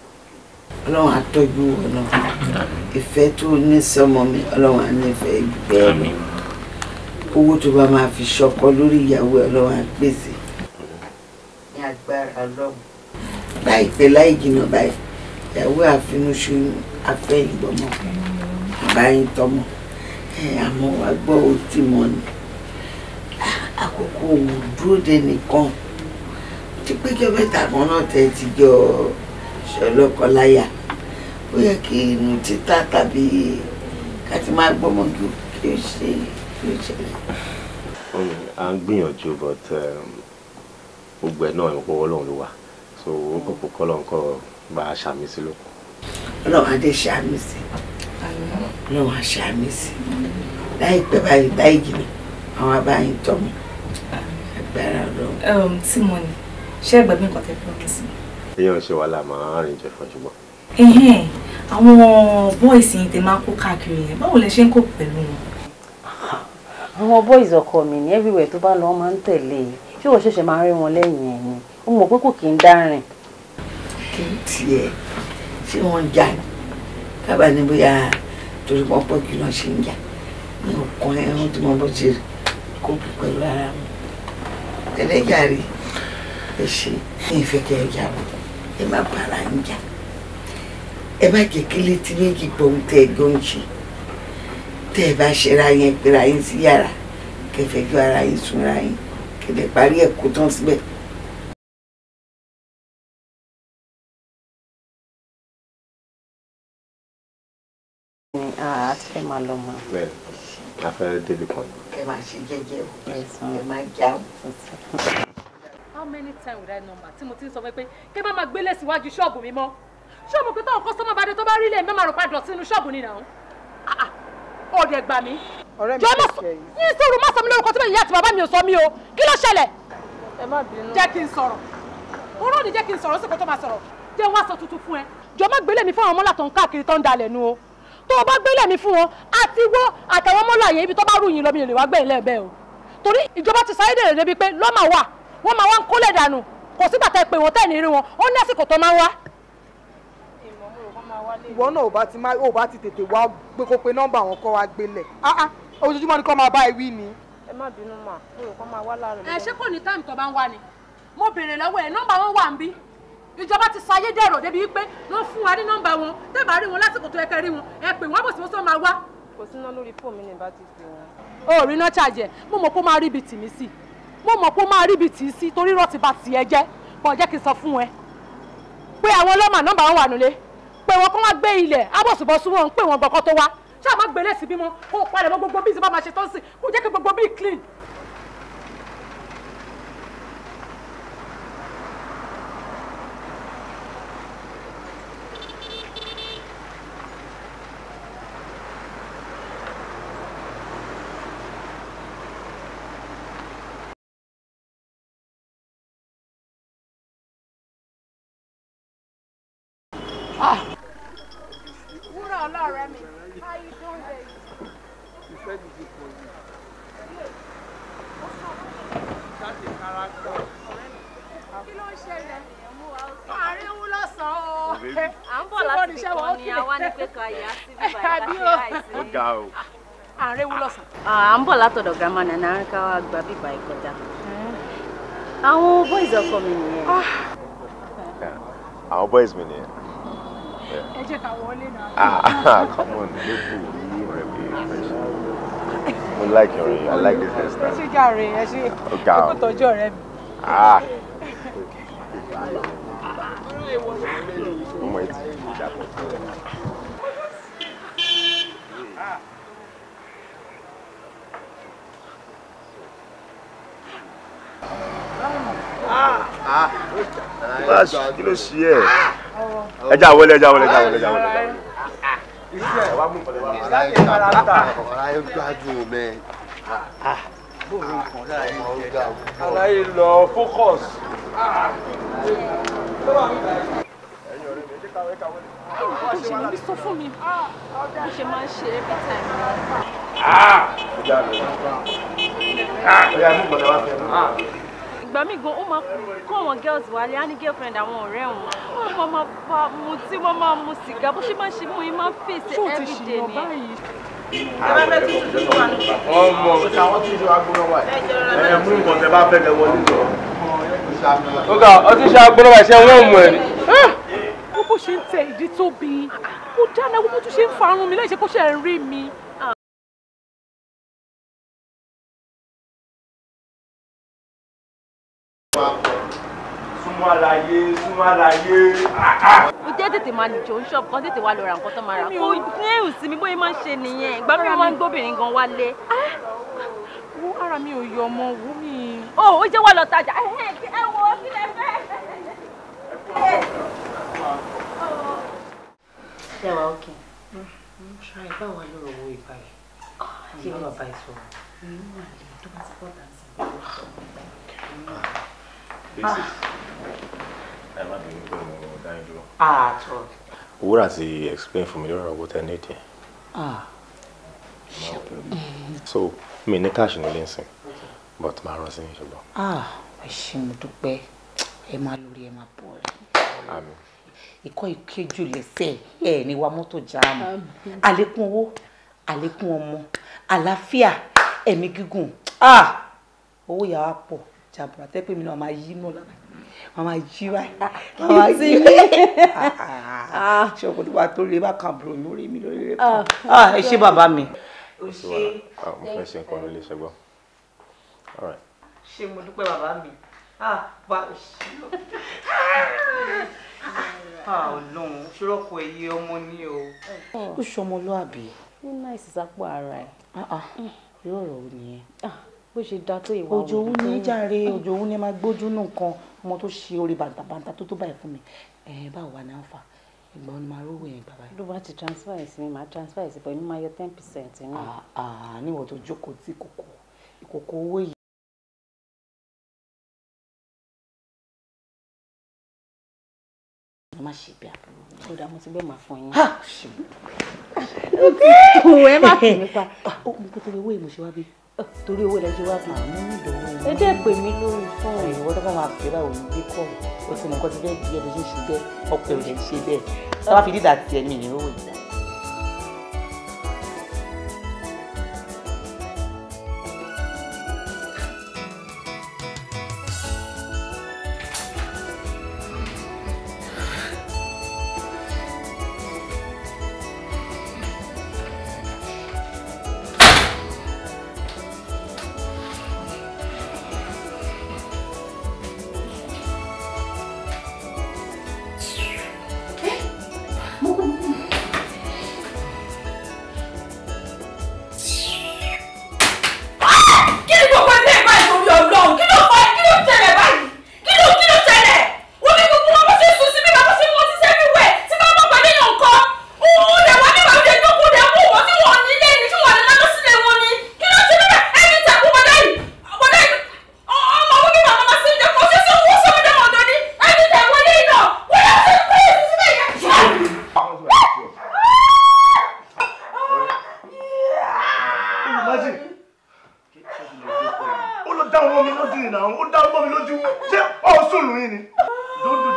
ọlọ́run àtọ́jú wọn náà ìfẹ́ tó ní sọmọ mi ọlọ́run á nífẹ̀ẹ́ gbẹ́ẹ́ mi owó tó bá máa fi ṣọkọ lórí ìyàwó ọlọ́wọ́ àgbèsè ní agbára lọ́wọ́ láìpẹ́ láì jìnnà báyìí ìyàwó àfinúṣu afẹ́ ìgbọ́mọ̀ àbáyín tọmọ àmọ́ wá gbọ́ òtí mọ́ ni àkókò òun dúró de nìkan ti péjọ mẹ́ta kan náà tẹ́ ti jọ ṣọlọ́kọláyà ó yẹ kí inú títà tàbí ká ti máa gbọ́mọ̀ ju kí o ṣe yìí à ń gbìyànjú but um, gbogbo ẹ̀ náà ìwọ́pọ̀ ọlọ́run ló wà so ó kọ̀ kó kọ́ lọ́nkọ́ bá a ṣàmì sí lóko. ọlọ́run adé ṣàmì sí ọlọ́run aṣàmì sí láìpẹ́ báyìí báyìí jìnnà àwọn abáyín tọ́mọ agbára ọlọ́run. tí mo ní ṣé ẹgbẹ́ mi kàn tẹ́ promise. èèyàn ṣe wàhálà máa ń rìn jẹ fún ṣùgbọ́n. àwọn bọ́ìsì yìí tẹ máa ń kó káàkiri yẹn báwo lẹ ṣe ń kó pẹ̀lú wọn àwọn boys ọkọ mi ní everywhere tó bá lọ wọn máa ń tẹ̀lé e ṣé wọ́n ṣẹ̀ṣẹ̀ máa ń rí wọn lẹ́yìn ẹ̀yìn ó mọ̀ pé kò kí ń dárìn. kí n tiẹ̀ ṣé wọ́n ń jà ní kábà ní bóyá torí wọ́n pọ̀ kí wọ́n ṣe ń jà ní ọkàn ẹ̀rọ tí wọ́n bọ́ ṣe kó bù pẹ̀lú ara mi. ẹlẹ́jà rí ẹ ṣe ní ìfẹ́ kẹ́ bọ̀ ẹ má bàrà ń jà ẹ má jẹ́ kí méjì gbọ́ ohun tẹ́ ẹ tẹ́ ẹ bá ṣera yẹn pera yín sí yàrá kẹfẹ́jú ara yín súnra yín kẹlẹ̀ parí ẹ̀ kó tán síbẹ̀. àti fẹ́ máa lọ mọ́. bẹ́ẹ̀ a fẹ́ débi kan. ẹ máa ṣe jẹ́jẹ́ o ẹ máa jáwọ́ how many times would I know ma tí mo ti ń sọ pé kí n bá máa gbélé síwájú ṣọ́ọ̀bù mi mọ́ ṣọ́ọ̀bù pé táwọn kọ́sọ́mọ́ bá dé tó bá rí lè mẹ́màrún padà sínú ṣọ́ọ̀bù ni ọ̀rẹ́ gbà mí. ọ̀rẹ́ mi kò ṣe yìí. ní sùúrù má sọ mi lórúkọ tí mo yẹ àti bàbá mi ò sọ mi o kí ló ṣẹlẹ̀. ẹ má bínú. jẹ́ kí n sọ̀rọ̀ oró ni jẹ́ kí n sọ̀rọ̀ ó sì kó tó máa sọ̀rọ̀ jẹ́ wá sọ tuntun fún ẹ. jọ má gbélé mi fún àwọn ọmọlá tó ń káàkiri tó ń dalẹ̀ nu o tó o bá gbélé mi fún wọn àti wọ́ àtàwọn ọmọlá yẹn ibi tó bá rúyìn lọ mi lè wá gbẹ̀yìn lẹ́ẹ̀bẹ́ o torí ìjọba ti sáyé dèrè débi pé lọ́mà wà wọ́n máa wá ń kólẹ̀ dànù kò sígbà tẹ́ pé wọ́n tẹ́ ní rí wọn ó ní àsìkò tó máa ń wá ìwọ náà ò bá ti má ò bá ti tètè wá gbé kó pe nọ́mbà àwọn kọ́ wa gbélẹ̀ ah, ah, ojoojúmọ́ ni kọ́ máa bá ẹ wí ni. ẹ má bínú mà mo rò kọ́ máa wá láàrin. ẹ ṣé kò ní táìmù tó bá ń wá ni mo béèrè lọ́wọ́ ẹ nọ́mbà wọn wà ń bí ìjọba ti sayé dẹ̀rọ̀ débi wípé wọ́n fún wa ní nọ́mbà wọn tẹ́bà rí wọn lásìkò tó yẹ kẹ́ rí wọn ẹ pè wọ́n bò sí mọ́sán máa wá. kò síná lórí fóònù mi ní bá ti wọn. o ò rí iná ṣàjẹ mo mọ̀ pé máa rí ibi tì mí sí mo mọ̀ pé ó máa rí ibi tì í sí torí rọ́ọ̀tì bá tiẹ̀ jẹ́ kọ́ jẹ́ kí n sọ fún ẹ pé àwọn ọlọ́mà nọ́mbà wọn wà nílé pè wọ́n kó wá gbé ilẹ̀ abọ̀sibọ̀sù wọn ń pè wọ́n gbọ́kọ́ tó wá ṣáà má gbélé sí bímọ kó o padà mọ gbogbo bí ìsìnbá máa ṣe tó ń sìn kó jẹ́ kí gbogbo bí clean. Ah! ọlọ́ọ̀rẹ́ mi. you doing, baby? She said this is for you. That's the character. Kí ló ń ṣẹlẹ̀? Àárín wú oh, À ń bọ̀ láti fi kọ́ ni àwa ní pé ká yà sí bíbá ìbá àìsí. Ó ga o. Àárín À ń bọ̀ látọ̀dọ̀ grandma Nana Arinka wa gba bíbá ìkọjá. Hmm. Àwọn boys ọkọ mi nìyẹn. Ah. Àwọn boys mi nìyẹn ẹ ah, ah, ah, come on ló kù ní ọ̀rẹ́ mi mo like your i like this hairstyle. ẹ ṣe jàre ẹ ṣe oh, kókó tọ́jú ọ̀rẹ́ mi. ọmọ ẹ ti dàpọ̀ sí i. Ah, ah, kí ló ṣe ẹ́? ẹja wọlé ẹja wọlé ẹja wọlé ẹja wọlé. Aláyé lọ fókọ̀s. Ṣé mo sọ fún mi bó ṣe máa ń ṣe every time? Ah! Ọjà mi. Ah! Ọjà mi gbọ́dọ̀ wá fẹ́ mi ìgbà míì gan ó máa kó àwọn girls wálé á ní girlfriend àwọn ọ̀rẹ́ wọn wọ́n máa máa fa mu tí wọ́n máa mu sìgá bó ṣe máa ṣe mú yín fèsì everyday ni. ọmọ táwọn tí ìjọ agbóná wà ẹ mú nǹkan tẹ bá fẹ́ kẹ wọlé lọ. ọgá ọtí ṣe agbóná wà ṣe wọ́n mú ẹ ni. Ah! bó ṣe ń tẹ ìdí tó bí mo dáná bó tún ṣe ń farun mi láì ṣe kó ṣe ń rí mi. súnmọ́ àlàyé súnmọ́ àlàyé. mo jẹ́ tètè máa nìjọ ń ṣọ́ọ̀bù kan tètè wá lọ ra nǹkan tó máa rà kó ní ìsìn mi bóyá máa ń ṣe nìyẹn ìgbà mi máa ń gbóbìnrin gan wálé. wo ara mi ò yọ ọmọ wo mi. o ò jẹ́ wà lọ tajà ẹ wo kí lẹ fẹ́. ṣé wàá òkè mm, mm, ṣáà ìbá wa lọ́rọ̀ owó ìbá yìí ah, kí ló bàbá ẹ sọ̀rọ̀ tó bá ti bọ́ tà sí i. Ah. Ah, má What has he explained for me? àtọ. wúrà ti explain Ah. mi so me ní káàṣì nílé nsìn but máa rán sí ìṣùgbọ́n. Ah, ẹ ṣé mo dúpẹ́ ẹ máa lórí ẹ máa bọ̀ ẹ́. àmín ikọ́ ìkéjù lẹ́sẹ̀ ẹ̀ ní wa mọ́tò jáàmù àlékún owó àlékún ọmọ àlàáfíà ẹ̀mí gígùn ah, owó yàrá pọ̀ jàbùrà tẹ́pẹ́ mi náà máa yí wọn máa jí báyìí wọn máa jí ah. Ah. ṣé ọkọ tó bá tó lè bá kan bùrọ̀ mi orí mi lórí rẹ kan ah. ẹ ṣé bàbá mi. mo fẹ́ ṣe nǹkan nílé ṣẹgbọ́n. ṣé mo dúpẹ́ bàbá mi bá ọlọ́run ṣòrọ́kọ ẹ̀yẹ ọmọ ni o. ó ṣọmọlúàbí. ó náà ìsìsápò ara ẹ̀. yóò rọ̀ ọ́ nìyẹn bó ṣe da tó ìwà òjò òun ní jàre òjò òun ní máa gbójú nù nǹkan ọmọ tó ṣe orí bàǹtàbàǹtà tó tó báyìí fún mi ẹ báwo wà náà fà ìgbà ni màá rówó yẹn bàbá yìí. ló bá ti transfer ẹ̀ sí mi màá transfer ẹ̀ sí pẹ̀lú máa yọ ten percent náà. àà ah, ah, níwọ̀n tó jókòó tí kòkó ìkòkò owó yìí. má ṣe bí àbúrò ó dá mo ti gbé màá fún yín. ó ti tó ẹ má kì í nípa. ó mú kótó owó ìmọ̀ṣẹ́ wá bí torí owó ilẹ̀ ṣe wá bí. àmì ìdòwò ẹ dẹ́ pè mí lórí fóònù. ìwọ tó kàn máa pè báwo ní bí kọ́ ọ ti mọ̀ nǹkan ti bẹ́ẹ̀ di ẹ̀ lóṣooṣù bẹ́ẹ̀ ọ̀pẹ̀ ò ṣe bẹ́ẹ̀ sábà fi dídà tiẹ̀ mi ìrówó ìdá.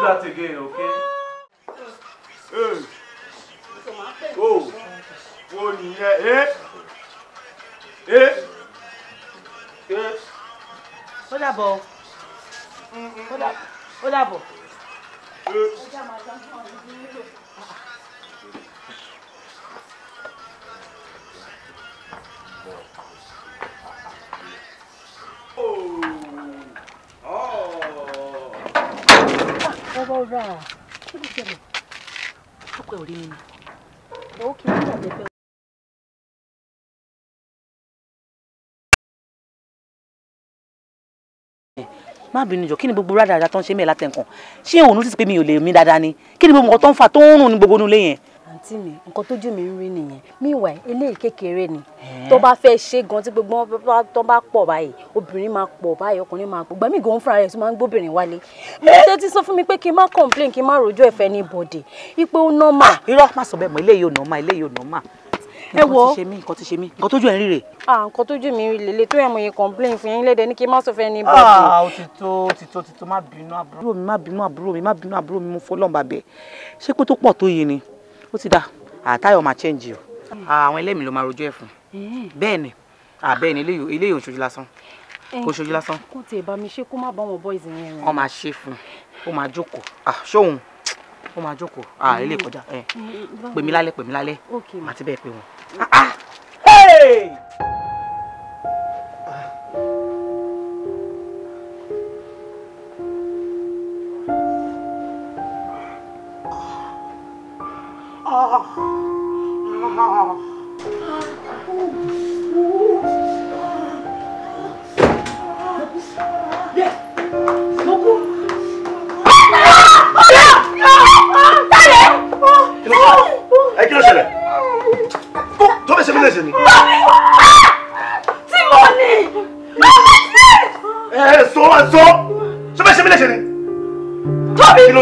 that again, okay? Hey. Oh. Wo nìyẹn. Eh. Eh. Eh. Ó dàbọ̀. Ó dàbọ̀. Ó dàbọ̀. Eh. rọra kí ló ṣẹlẹ̀ ọpẹ ò rí mi ni ó kì í ṣàjẹ́ pé. má bínú jọ kí ni gbogbo rádàrá tó ń ṣe mí ẹ̀ látẹ̀kàn ṣé òun ló ti pé mi ò lè mí dáadáa ni kí ni gbogbo nǹkan tó ń fà tó ń rùn ní gbogbo inú ilé àǹtí mi nǹkan tójú mi ń rí nìyẹn meanwhile eléyìí kékeré ni tó bá fẹ́ ṣe gan tí gbogbo wọn tó bá pọ̀ báyìí obìnrin máa pọ̀ báyìí ọkùnrin máa pọ̀ gbàmí gan fúnra rẹ̀ tó máa ń gbóbìnrin wálé mo ṣe ti sọ fún mi pé kí n má complain kí n má rojọ́ ẹ̀fẹ́ ní bòde ipò nọ́mà. irọ́ má sọ bẹ́ẹ̀ mọ́ eléyìí ò nọ́mà eléyìí ò nọ́mà ẹ wo nǹkan tó ṣe mí nǹkan tó ṣe mí nǹkan tójú ẹ ń rí rè. ah nǹkan tójú mi rí lélẹ̀ tó yẹ mo yẹ complain fún yín lẹ́dẹ̀ẹ́ ní kí n má sọ fẹ́ ní bọ́ọ̀dù. ah ó ti tó ó ti tó ó ti tó má bínú àbúrò mi má bínú àbúrò mi má bínú àbúrò mi mo fọlọ́ọ̀bàbẹ̀ ṣé kó tó pọ̀ tó yìí ni ó ti dà àtayọ̀ máa change o hmm. ah, àwọn ẹlẹ́mìí ló máa rojọ́ ẹ̀ fún hmm. bẹ́ẹ̀ ni àbẹ́ẹ̀ ni eléyìí ò ṣojú lásán eh, kò ṣojú lásán. kò tè bá mi ṣe kó má bá wọn boys yẹn rìn. wọn máa ṣe fún un ó máa jókòó ah ṣóhun ó máa jókòó ah ilé ìkọjá ẹ eh, pèmí lálẹ́ pèmí lálẹ́ màá ti bẹ́ẹ̀ pé wọn. Ah, ah.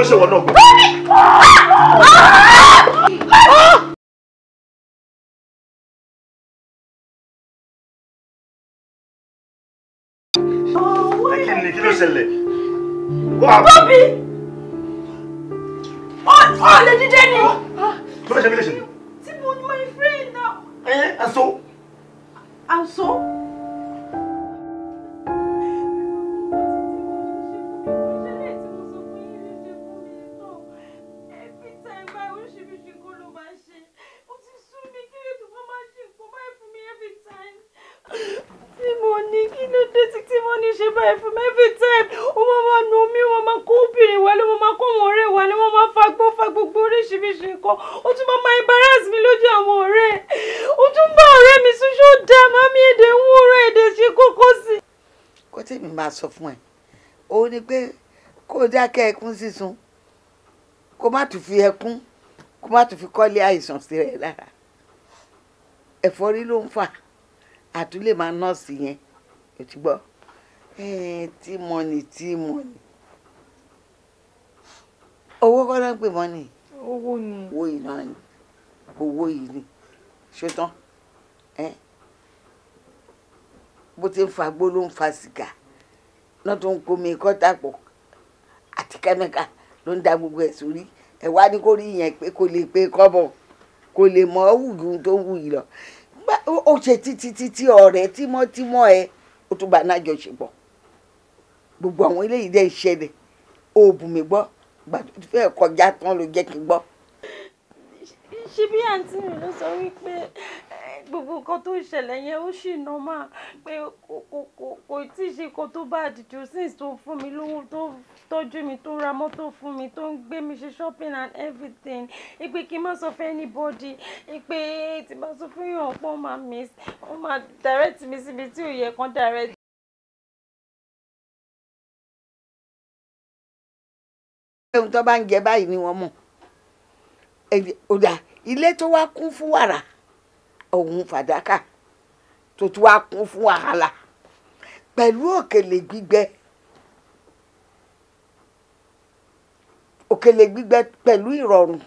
ṣe wọ náà kí ló ṣẹlẹ̀? Bọ́bí! Ó lè dídé ni! Kí ló ṣe my friend náà. Ẹ ẹ́ aṣọ. Aṣọ. sọ fún ẹ òun ni pé kó o dákẹ́ ẹkún sísun kó má tún fi ẹkún kó má tún fi kọ́lé àìsàn sí rẹ lára ẹ̀fọ́rí ló ń fà àtúlẹ̀ máa nọ́ọ̀sì yẹn ò ti gbọ́ tí mọ́nì tí mọ́nì owó kọ́ ló ń pè mọ́nì owó ni owó yìí náà ni owó yìí ni ṣetán bó ti ń fa gbó ló ń fa sìgá náà tó ń komi kọ́tà pọ̀ àti kẹ́míkà ló ń da gbogbo ẹ̀ sórí ẹ̀ wá ní kó rí yẹn pé kò lè pé kọ́bọ̀ kò lè mọ wùgì ohun tó ń wù yìí lọ ó ṣe títí títí ọ̀rẹ́ tímọ́tímọ́ ẹ ó tún bá a náà jọṣepọ̀ gbogbo àwọn eléyìí dẹ́ ìṣẹ̀lẹ̀ òòbù mi gbọ́ gbàdúrà fẹ́ẹ́ kọjá tán ló jẹ́ kí n gbọ́ ṣé bí àǹtí mi ló sọ wípé eh, gbogbo nǹkan tó ṣẹlẹ̀ yẹn ó ṣì nọ́mà pé kò tí ì ṣe nǹkan tó bá àdìjọ since tó fún mi lówó tó tọ́jú mi tó ra mọ́tò fún mi tó ń gbé mi ṣe shopping and everything ìpè kí n má sọ fún anybody ìpè tí bá sọ fún yàn ọ̀pọ̀ máa miss wọ́n máa direct mi síbi tí ò yẹ kán direct. ohun tó bá ń jẹ báyìí ni wọ́n mọ̀ ó dáa ilé tó wá kún fún wàrà òun fàdákà tó tún wá kún fún wàhálà pẹ̀lú òkèlè gbígbẹ òkèlè gbígbẹ pẹ̀lú ìrọ̀rùn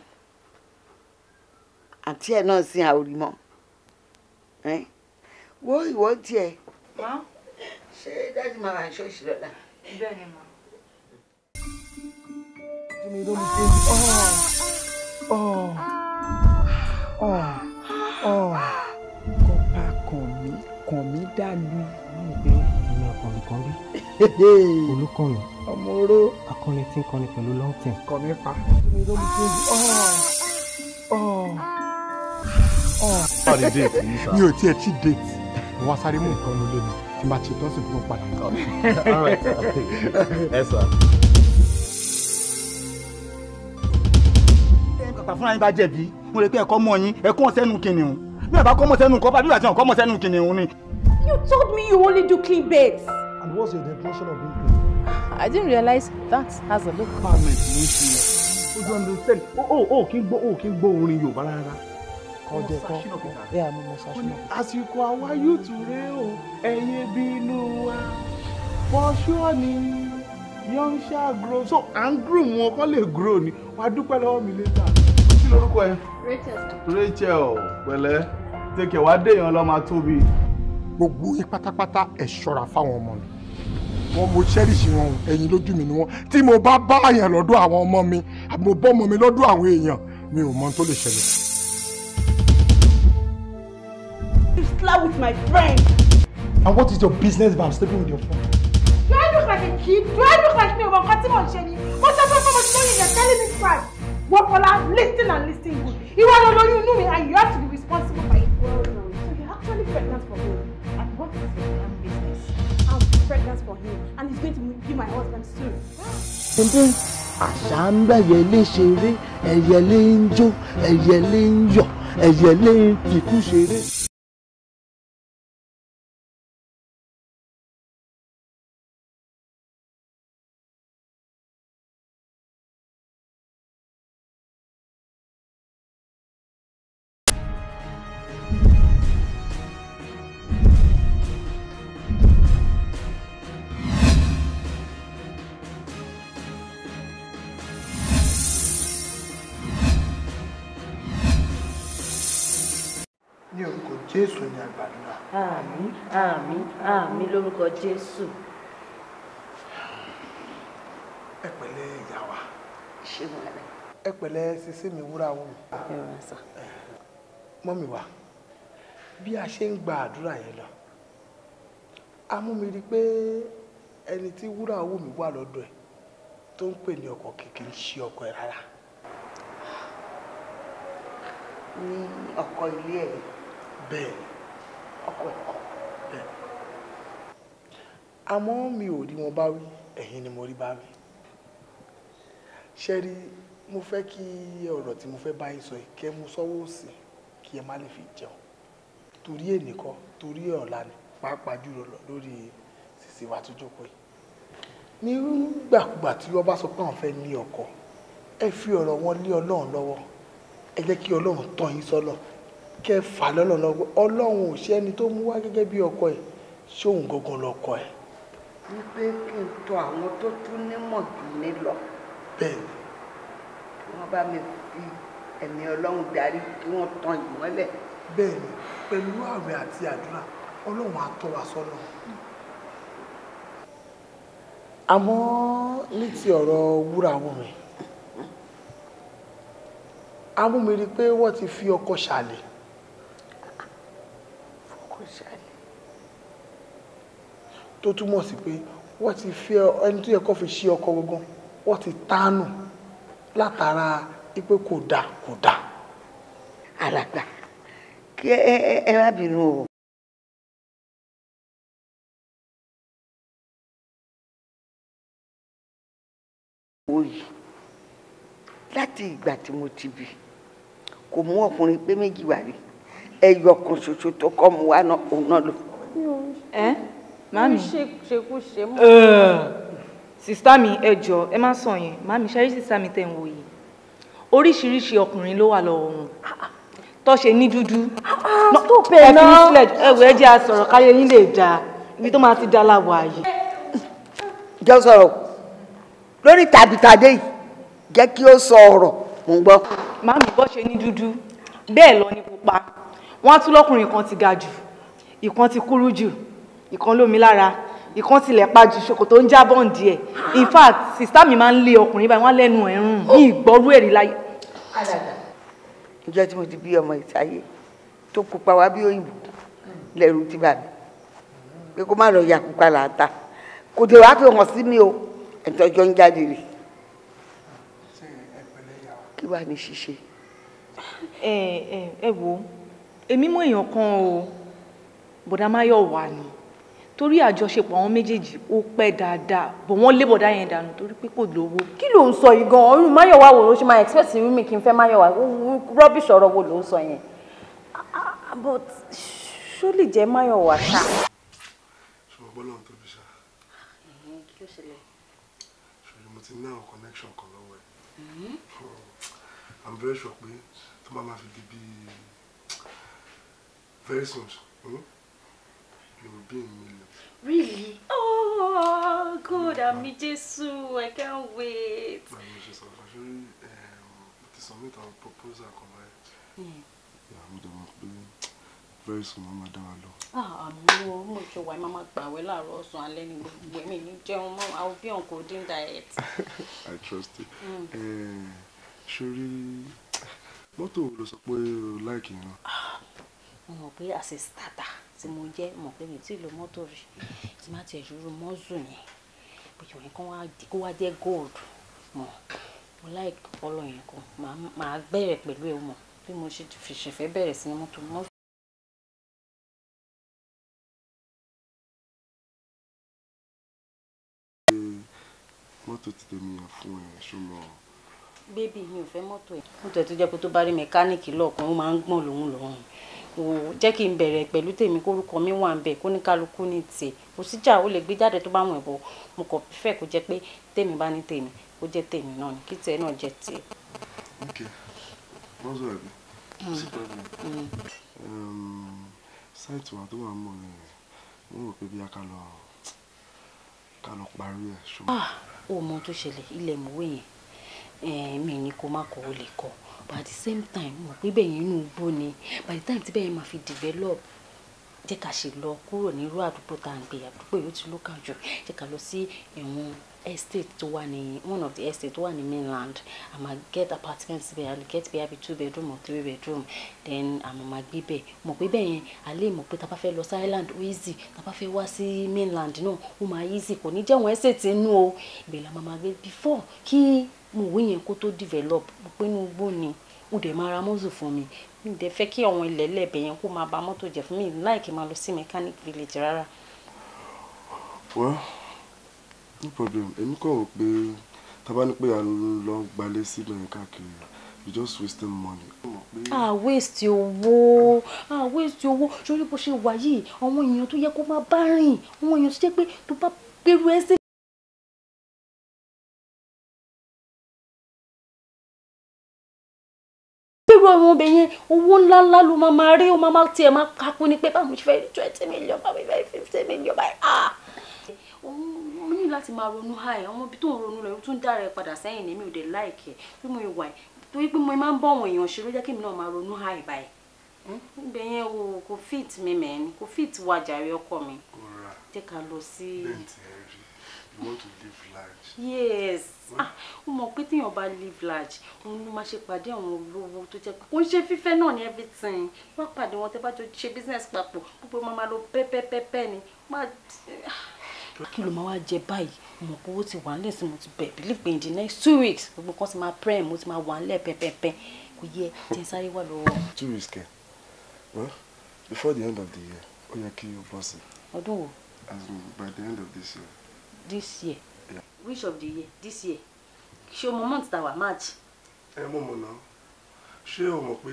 àti ẹ̀ náà sin àwòrìmọ́ wo ìwọ tiẹ̀ ṣé dájú máa wà ní ṣọ́ọ̀ṣì lọ́la. bẹ́ẹ̀ ni mà. Oh. Oh ọ̀ oh, ọ̀ oh. kọ́pá kàn mí kàn mí dàlú. ìyá ọkàn kan rí olùkọ́ni ọmọ oró akọni tí ń kọni pẹ̀lú long term. kàn mí pa. ọ̀ ọ̀ ọ̀ mi ò tiẹ̀ tí déètì mo wá sáré mú nǹkan nulẹ̀ mi tí n bá ṣe tọ́sí fún un padà. ẹ <laughs> sọ. bàbá fúnra yín bá jẹ̀bi mo lè pé ẹ̀kọ́ mọ̀ yín ẹ̀kọ́ sẹ́nu kìnìún bí bàbá kọ́ mọ̀ kọ́ bá bí ọ̀kọ́ mọ̀ kìnìún ni. You told me you only do clean beds. And what's your definition of being clean? I didn't realize that has a look. Parliament ló ń ṣe o jọ ní sẹ́ni o ò kí ń gbọ́ o kí ń gbọ́ orin Yorùbá rárá. Kọjẹ kọ́ ẹ àmì mo ṣàṣìnà. Àsìkò àwa yóò tún ré o, ẹyẹ bínú wa, fọ́ṣọ́ ni young shall grow so à ń groom wọn kọ́ lè grow ni wàá dúpẹ́ lọ́wọ́ mi later kí lorúkọ ẹ. Rachel. Rachel pẹ̀lẹ́ tẹkẹ wá déèyàn lọ tóbi. gbogbo yín pátápátá ẹ ṣọ́ra fáwọn ọmọ mi wọn mo cherish wọn ẹ̀yin lójú mi ni wọn tí mo bá bá àyàn lọ́dọ̀ àwọn ọmọ mi mo bọ́ ọmọ mi lọ́dọ̀ àwọn èèyàn mi ò mọ tó lè ṣẹlẹ̀. you slept with my friend. and what is your business if i'm sleeping with your friend. do i look like a kid do i look like me o mọ nǹkan tí mo ń ṣe ni wọ́n sọ fún mi pé mo ti lóyún yẹn tẹ́lẹ̀ mi fà. Wokola, listen and listen good. You want to know you know me and you have to be responsible for it. Well, no. So you're actually pregnant for him. And what is your damn business? I'm pregnant for him and he's going to be my husband soon. Ǹjẹ́ àṣà ń bẹ̀yẹ léṣeré, ẹ̀yẹ lé ń jó, ẹ̀yẹ lé ń yọ̀, ẹ̀yẹ lé ń fikú ṣeré. àmì ah, lórúkọ jésù. ẹ pẹ̀lẹ́ ìyá wa ẹ pẹ̀lẹ́ sísí mi wúrà wọn. mọ́mì wa bí a ṣe ń gba àdúrà yẹn lọ a mú mi rí i pé ẹni tí wúrà wù mí wà lọ́dọ̀ ẹ̀ tó ń pè ní ọkọ kìkì ń ṣe ọkọ ẹ̀ rárá. ní ọkọ ilé ẹ̀. bẹ́ẹ̀ ọkọ ẹ̀ bẹ́ẹ̀ àmọ́ mi ò rí wọn bá wí ẹ̀yin ni mo rí bá wí ṣẹ́rí mo fẹ́ kí ọ̀rọ̀ tí mo fẹ́ bá yín sọ kẹ́ mú sọ́wọ́ sí kí ẹ má lè fi jẹun torí ènìkọ́ torí ọ̀la ni pàápàá jùlọ lórí sìsì wa tó jókòó yìí nígbàkúgbà tí wọ́n bá sọ pé àwọn fẹ́ ní ọkọ ẹ fi ọ̀rọ̀ wọn lé ọlọ́run lọ́wọ́ ẹ jẹ́ kí ọlọ́run tọ́ yín sọ́lọ̀ kẹ́ fà lọ́lọ́run lọ́wọ́ ọlọ́run ò ṣẹ́ni tó mú wá gẹ́gẹ́ bí ọkọ ẹ̀ ṣóun gangan lọ́kọ ẹ̀ wípé kí n tọ àwọn tó tún nímọ̀ jù mí lọ. bẹ́ẹ̀ni. kí wọ́n bá mi fi ẹ̀mí ọlọ́run darí kí wọ́n tan ìmọ́lẹ̀. bẹ́ẹ̀ni pẹ̀lú àwẹ̀ àti àdúrà ọlọ́run á tọ́ wa sọ́nà. àmọ́ ní ti ọ̀rọ̀ wúrà wọn rẹ̀ amúmiri pé wọ́n ti fi ọkọ ṣàlè. fọkọ ṣàlè tó túmọ̀ sí pé wọ́n ti fi ẹni tó yẹ kó fi ṣe ọkọ gbogbo wọ́n ti tánù látara ipe kò dà kò dà. alàgbà kí ẹ ẹ má bínú o. òyì láti ìgbà tí mo ti bì kò mú ọkùnrin pé méjì wá rí ẹyọ kan ṣoṣo tó kọ́ mu wá náà òun náà lò. ẹ. Eh? mami ṣekúṣe mú. sista mi ẹ jọ ẹ má sàn yẹn mami ṣe sista mi tẹ̀ ń wò yìí oríṣiríṣi ọkùnrin ló wà lọ́wọ́ wọn tọ́ṣe ní dúdú ah, ẹ̀wẹ̀ jẹ́ àsọ̀rọ̀ káyé yín lè dáa ibi tó máa ti dá láwọ̀ ààyè. jẹ́ sọ̀rọ̀ lórí tàbítàdé yìí jẹ́ kí ó sọ ọ̀rọ̀ mò ń gbọ́. màmí bọ́ ṣe ní dúdú bẹ́ẹ̀ lọ ní pupa wọ́n á tún lọ́kùnrin kan ti ga jù ìkan ti kúrú jù ìkan lómi lára ìkan tilẹ̀ pa ju ṣòkòtò ń já bọ́ǹdì ẹ̀ in fact sista mi máa ń lé ọkùnrin báyìí wọ́n lẹ́nu ẹ̀rùn ní ìgbọ́rú ẹ̀rí láyé. ìjọ tí mo ti bí ọmọ ìtayé tó pupa wá bí òyìnbó lẹ́rù ti bà mí pé kó má lọ ya pupa là á ta kò dé wàá fi hàn sí mi o ẹ̀tọ́jọ́ ń jáde rè kí wàá ní ṣíṣe. ẹ ẹ wo èmi mú èèyàn kan o bọ̀dá máyọ̀ wà ni torí àjọṣepọ̀ àwọn méjèèjì ó pẹ́ dáadáa bọ̀ wọ́n lé bọ̀dá yẹn dànù torí pé kò lówó. kí ló ń sọ yìí gan ọrùn máyọ̀wá wo ló ṣe máa expect irú mi kí n fẹ́ máyọ̀wá rubbish ọ̀rọ̀ wo ló ń sọ yẹn ah, but ṣó lè jẹ́ máyọ̀wá ṣá. ṣùgbọ́n bọ́lá tó bí ṣá. Hmm, kí ló ṣẹlẹ̀. ṣùgbọ́n mo ti ní àwọn connection kan lọ́wọ́ ẹ̀. Hmm. i'm very sure pé tó máa ma fi di bíi very soon. Hmm? lòun bí mi lò. Really? Oh, good, àmì Jesus, I can't wait. I'm mi ṣe sọ fún ṣé mo ti submit àwọn proposal kan báyìí. Ìyàwó dẹ̀ very soon wọ́n máa alone. Ah, lọ. I'm not sure why wà máa gbàwé láàárọ̀ ọ̀sán alẹ́ ní gbogbo ẹ̀mí ní I will be on codeine diet. <laughs> I trust you. Ṣorí mm. eh, mọ́tò wo ló sọ pé o láìkì yẹn? Ah, mo mọ̀ be as a starter tí mo jẹ́ mọ̀ pé mi ti lo mọ́tò rí tí má tiẹ̀ ṣòro mọ́zù yẹn bóyá yẹn kan kó wá jẹ́ gold mọ̀ mo láì ọlọ yẹn kan màá bẹ̀rẹ̀ pẹ̀lú ẹ̀ mọ̀ bí mo ṣe fìṣẹ̀fẹ́ bẹ̀rẹ̀ sí ní mọ́tò mọ́tò. mọ́tò ti tèmi yẹn fún ẹ ṣùgbọ́n. bébì mi ò fẹ́ mọ́tò ẹ̀. mo tẹ̀ tó jẹ́ pé tó bá rí mẹkáníìkì lọ́ọ̀kan ó máa ń gbọ̀n lòun lòun wò ó jẹ́ kí n bẹ̀rẹ̀ pẹ̀lú tèmi kórúkọ mi wà ń bẹ̀ kó ní kálukú ní tiẹ̀ kò síjà ó lè gbé jáde tó bá wọn ẹ̀bọ̀ mo kàn fẹ́ kó jẹ́ pé tèmi bá ní tèmi kó jẹ́ tèmi náà ni kí tiẹ̀ náà jẹ́ tiẹ̀. ok bọ́sọ̀ ẹ̀gbẹ́ sí pẹ̀lú sáìtì wa tó wà ń bọ̀ ni mo rò pé bí a ká lọ parí ẹ̀ ṣùgbọ́n. ó ah, mọ tó ṣẹlẹ̀ ilẹ̀ mọ̀wé yẹn mi ni kó má kọ́ ó lè kọ́ but at the same time mo pé bẹ́ẹ̀ yẹn inú igbó ni by the time tí bẹ́ẹ̀ yẹn máa fi develop jẹ́ ká ṣe lọ kúrò ní irú àdúgbò tá à ń gbé àdúgbò yóò ti lókà jù jẹ́ ká lọ sí ìwọ̀n estate tó wà ní one of the estate tó wà ní mainland a máa get apartment bẹ́ẹ̀ I get bẹ́ẹ̀ àbí two bedroom or three bedroom then a máa máa gbé bẹ́ẹ̀ mọ̀ pé bẹ́ẹ̀ yẹn a lè mọ̀ pé lọ sí island ó easy Tapa bá fẹ́ wá sí mainland náà ó ma easy kò ní jẹ́ wọn estate inú o ìbẹ̀lẹ̀ a máa gbé before kí mo wí yẹn kó tó develop mo pé inú igbó ni mo dẹ̀ máa ra mọ́tò fún mi mi dẹ̀ fẹ́ kí àwọn ilẹ̀ yẹn kó máa ba mọ́tò jẹ́ fún mi láìkí máa lọ sí mechanic village rárá. well no problem èmi kàn wò pé tábà ní pé à lọ gbalẹ̀ síbẹ̀ yẹn káàkiri you just wasting money. a waste owó a waste owó sórí bó ṣe wà yìí àwọn èèyàn tó yẹ kó máa bá rìn àwọn èèyàn tó jẹ́ pé tó bá gbèrú ẹsẹ̀. irú àwọn obìnrin owó ńlá ńlá ló máa máa rí ó máa máa tiẹ̀ máa kakún ni pé báwo mo ṣe fẹ́ rí twenty million báwo mo fẹ́ fifty million báyìí ah mo ní láti máa ronú ha ẹ̀ ọmọ ibi tó ń ronú rẹ̀ tó ń dá rẹ̀ padà sẹ́yìn lèmi ò dé láìkẹ́ bí mo wà torí pé mo máa ń bọ̀ àwọn èèyàn ṣe ló jẹ́ kí mi náà máa ronú ha ẹ̀ báyìí ibẹ̀ hmm? yẹn o kò fit mi mẹ́ni kò fit wájà rí ọkọ mi jẹ́ ká bẹ́ẹ̀ tí rí you want to live large. yes ó ah, mọ̀ pé téèyàn bá live large òun ló máa ṣe pàdé àwọn olówó tó jẹ́ pé kò ń ṣe fífẹ́ náà ní everything wọ́n pàdé wọn tẹ́ bá jọ ṣe business papọ̀ gbogbo máa máa lo pẹ́pẹ́pẹ́pẹ́ ni máa ah, kí ló máa wá jẹ báyìí mo kó owó ti wà nílẹ̀ sí mo ti bẹ̀ believe pé in the next two weeks gbogbo kan ti máa pray mo ti máa wà nílẹ̀ pẹ́pẹ́pẹ́ kò yẹ kí n sáré wà lọ́wọ́. two weeks kẹ well before the end of the year ó yẹ kí o bọ́ sí. ọdún wo. as um, in by the end of this year this year yeah. which of the year this year ṣé o mọ month tá wà march. ẹ mọ̀ mọ̀ náà ṣé o mọ̀ pé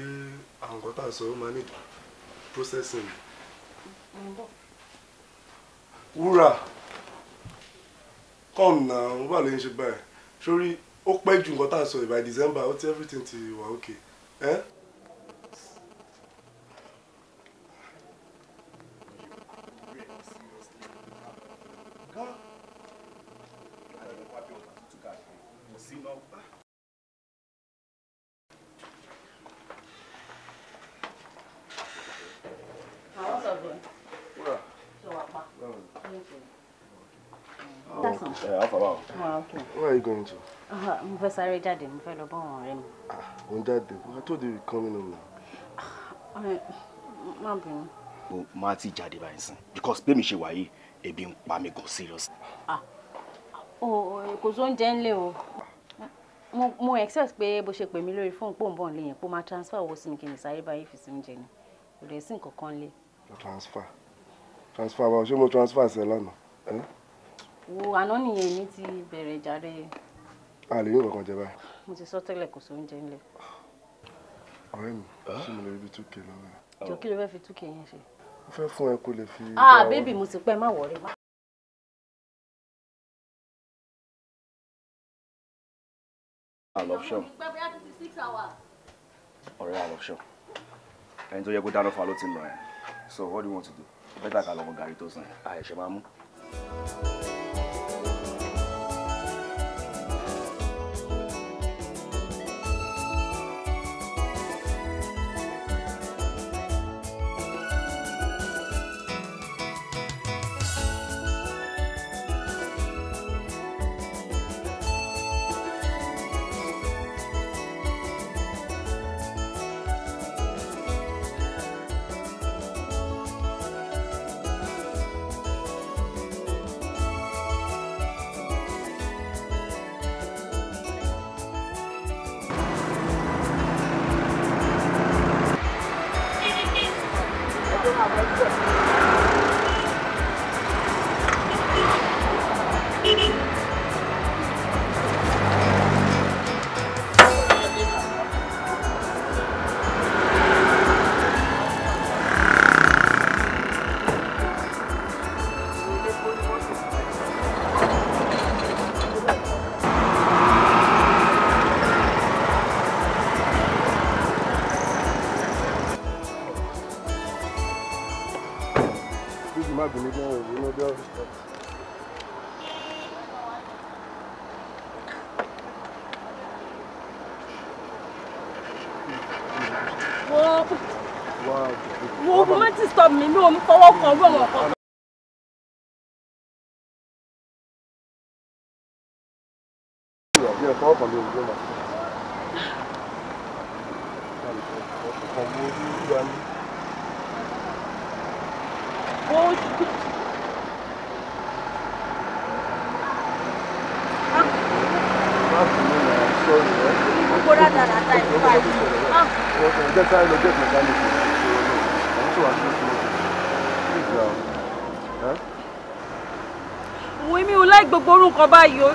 àwọn nǹkan tá a sọ processing. wúrà come now wọ́n bá lè ṣe báyìí sórí ó ju nǹkan tá a sọ december ó everything to wà okay. Eh? mo fẹ́ sáré jáde mo fẹ́ lọ bọ́ àwọn ọ̀rẹ́ mi. Ah, mo ń jáde I told you you coming home now. ọ̀rẹ́ ah, má bínú. mo máa ti jáde báyìí sìn because bẹ́ẹ̀ mi ṣe wà ebi ń pa mi gan serious. Ah, kò sóúnjẹ ńlẹ̀ o mo expect pé bó ṣe pè mí lórí fóònù pòǹbọ̀ ń lè yẹn pé máa transfer owó sí mi kí n sáré báyìí fi sí oúnjẹ ni kò dẹ̀ sí nǹkan kan lé. transfer transfer wa ṣé mo transfer sí ẹ lánàá. wo àná nìyẹn mi ti bẹ̀rẹ̀ jàre a lè rí nǹkan jẹ báyìí. mo ti sọ tẹ́lẹ̀ kò sóúnjẹ ńlẹ̀. ọ̀rẹ́ mi ṣé mo lè rí túkè lọ́wọ́ jọ kí ló fẹ́ fi túkè yẹn ṣe. mo fẹ́ fún ẹ kó lè fi. ah bébì mo ti pẹ́ má wọ̀ọ́rẹ́ má. aloption ọ̀rẹ́ ẹni tó yẹ kó dáná fún wa ló ti ń lọ yẹn so what do you want to do better ká lọ mọ gàrí tó sàn àìṣe máa mú. thank you kan báyìí o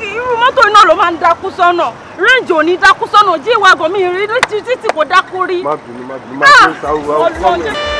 irú mọ́tò iná ló máa ń dákú sọ́nà rẹ́ǹjì ò ní dákú sọ́nà jí ìwà mi rí títí kò dákú rí. má bínú má bínú má bínú sáwùwà ó fọ́ mi.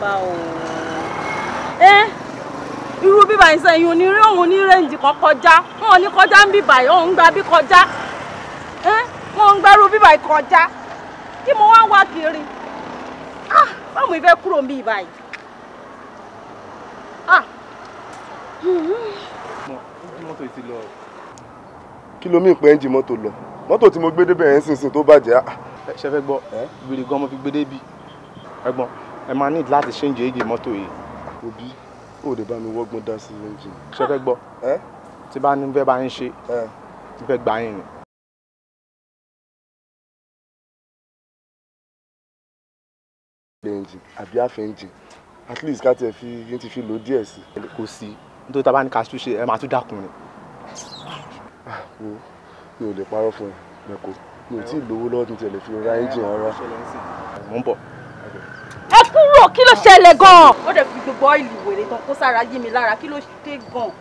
bá o. ẹ irú bíbá ìsẹ̀yìn òní rí òun ní rẹ́ǹjì kan kọjá wọn ò ní kọjá ń bíbá yìí òun gba bí kọjá ẹ wọn ń gbẹ́rú bíbá yìí kọjá kí mo wá wá kiri ah báwo ìfẹ́ kúrò ń ibà ah. yìí ah. mọ́tò ti lọ. kí ló mí pé ẹ́ńjì mọ́tò lọ mọ́tò tí mo gbé débẹ̀ ẹ̀ ń sìn sìn tó bàjẹ́. Ah, ṣe fẹ́ gbọ́ wèrè gan mo fi gbé débi ẹ̀gbọ́n ẹ máa need láti ṣéǹjì èjì mọ́tò yìí. òbí ò lè bá mi wọ́gbọ́n dá sí engine. ṣé fẹ́ gbọ́ tí bá ní fẹ́ bá ń ṣe tí fẹ́ gbà yín ni. engine àbí àfẹ́ at least ká tiẹ̀ fi yín ti fi lò díẹ̀ sí. kò sí nítorí tá a bá ní ká tún ṣe ẹ máa tún dákun ni. Ah, mi ò lè parọ́ fún ẹ mẹ́kọ̀ọ́ mi ò tí ì lówó lọ́dún tí ẹ lè fi ra engine rárá. mo ń bọ̀ sọ kí ló ṣẹlẹ̀ gan-an. ó dẹ̀ fi gbogbo ọ́ìlì wèrè tán kó sára yí mi lára kí ló ṣe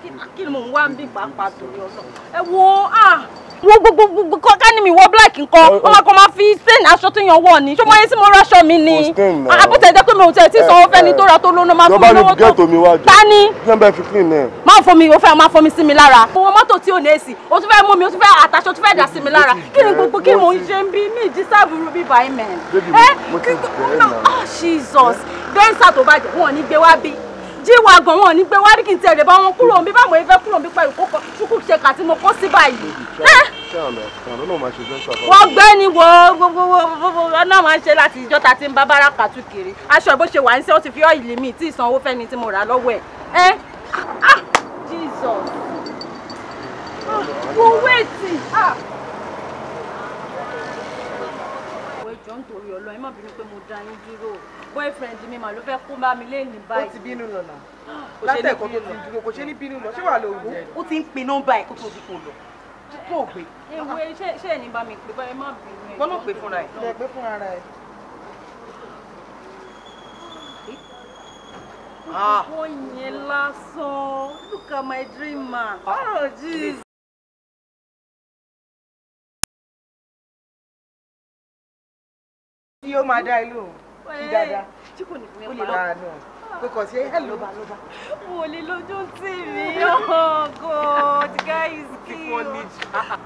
gan-an kí ló ń wá bí pàápàá torí ọlọ́run ẹ wo ah wo gbogbo ká ní mi wọ black nǹkan wọn máa kọ máa fi stain aṣọ tó yan wọ ni ṣé mo yẹ sí mo raṣọ mi ni àbútẹ ah, jẹ pé mi ò tẹ tí sanwó fẹni tó ra tó lóná máa fún mi lówó tó tani máa fọ mi o fẹ máa fọ mi sí mi lára owó mọ́tò tí ò ní èsì o tún fẹ́ mú mi o tún fẹ́ àtàṣọ tún fẹ́ dà sí mi lára kí ni gbogbo kí mo ń ṣe ń bí mi jí sáàbùrù bíbá ẹ̀ mẹ́rin ẹ́ eh? kí n kò oh, náà Jesus bẹ́ńsà tó bàjẹ́ wọn ò ní gbé wá bí jíwa gan wọn ní pé wá rí kí n tẹ̀lé bá wọn kúrò mi báwọn ẹgbẹ́ kúrò mi pẹ̀lú kókó ṣùkú ṣe kà tí mo kó sí báyìí. wọ́n gbé ni wo ọ̀nà máa ń ṣe láti ìjọ́ ta ti ń bá bára kàtú kiri aṣọ bó ṣe wà ń ṣe ó ti fi ọ́ìlì mi tí ìsanwó fẹ́ni tí mo rà lọ́wọ́ ẹ̀ ah, ah, Jesus wo ah, wéètì. torí ọlọ́ ẹ má bínú pé mo da yín dúró boyfriend mi mà ló fẹ́ kó bá mi léèní báyìí. ó ti bínú lọ <gasps> látẹ̀kọ́ tó ti dúró kò ṣe ní bínú lọ ṣé wà lóògùn. ó ti ń pe nọ́mbà ẹ̀ kó tó di kò lọ kó o gbé. ewé ṣé ẹni bá mi pè báyìí má bínú ẹ. gbọ́dọ̀ pè fúnra ẹ̀. lẹ pé fúnra ara ẹ̀. Wọ́n ah. yẹn lásán. Look at my dream man. Ah. Oh, jeez. yóò máa dá ilé òun kí dáadáa tí kò ní fi mí pa á nù pé kò sí ẹ ló bá ló bá. mo lè lójú tì mí ọgọ the guy is kí o. Ah, ah.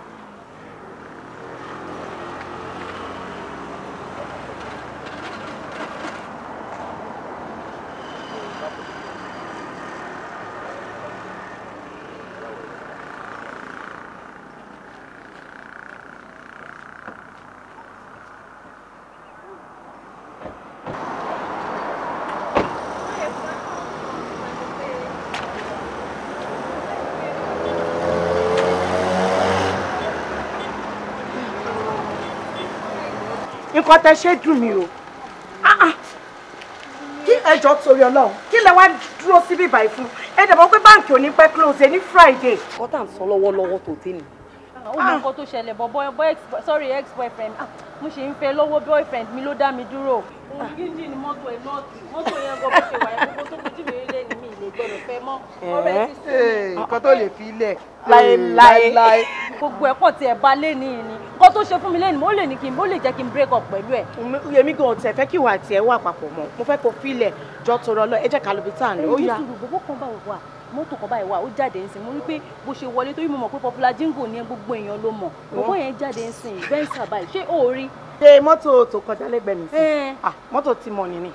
nǹkan tẹ ṣe dùn mí o ah, ah. kí ẹjọ́ torí ọlọ́run kí lẹ wá dúró síbí báyìí fún ẹ dẹ̀ mọ̀ pé báǹkì ò ní pẹ́ close e ní friday. kọ́ tá à ń sọ lọ́wọ́lọ́wọ́ tó dé ni. Ah, ó mọ nǹkan tó ṣẹlẹ̀ bọ̀ boy sorry ex boyfriend mo ṣe ń fẹ́ lọ́wọ́ boyfriend mi ló dá mi dúró. òun gíjì ni mọ́tò ẹ̀ nọ́ọ̀tì mọ́tò yẹn gan ṣe wà gbogbo tó kọjú mi gbọ́dọ̀ fẹ́ mọ́ ọ̀rẹ́ ti sọ mi. nǹkan tó lè fi lẹ̀ láéláé gbogbo ẹ̀kọ́ tí ẹ̀ bá lé ní ìní nǹkan tó ṣe fún mi lẹ́nu mo lè ní kí n mo lè jẹ́ kí n break up pẹ̀lú ẹ̀. yèmí gan tẹ fẹ́ kí ìwà àti ẹ̀ wà papọ̀ mọ́ mo fẹ́ kó filẹ̀ jọ tọrọ lọ ẹ jẹ́ ká lọ bí tá à ń lọ ó yá. èyí sùúrù gbogbo kan bá wà mọ́tò kan báyìí wà ó jáde ń sìn mo rí pé bó ṣe wọlé torí mo mọ̀ pé popular jingle ni gbogbo èèyàn ló mọ̀ gbogbo yẹn jáde ń sìn bẹ́ńsà báyìí ṣé o rí. ṣé mọ́tò tó kọjá lẹ́gbẹ̀ẹ́ mi sí ah, mọ́tò tí mo nì ní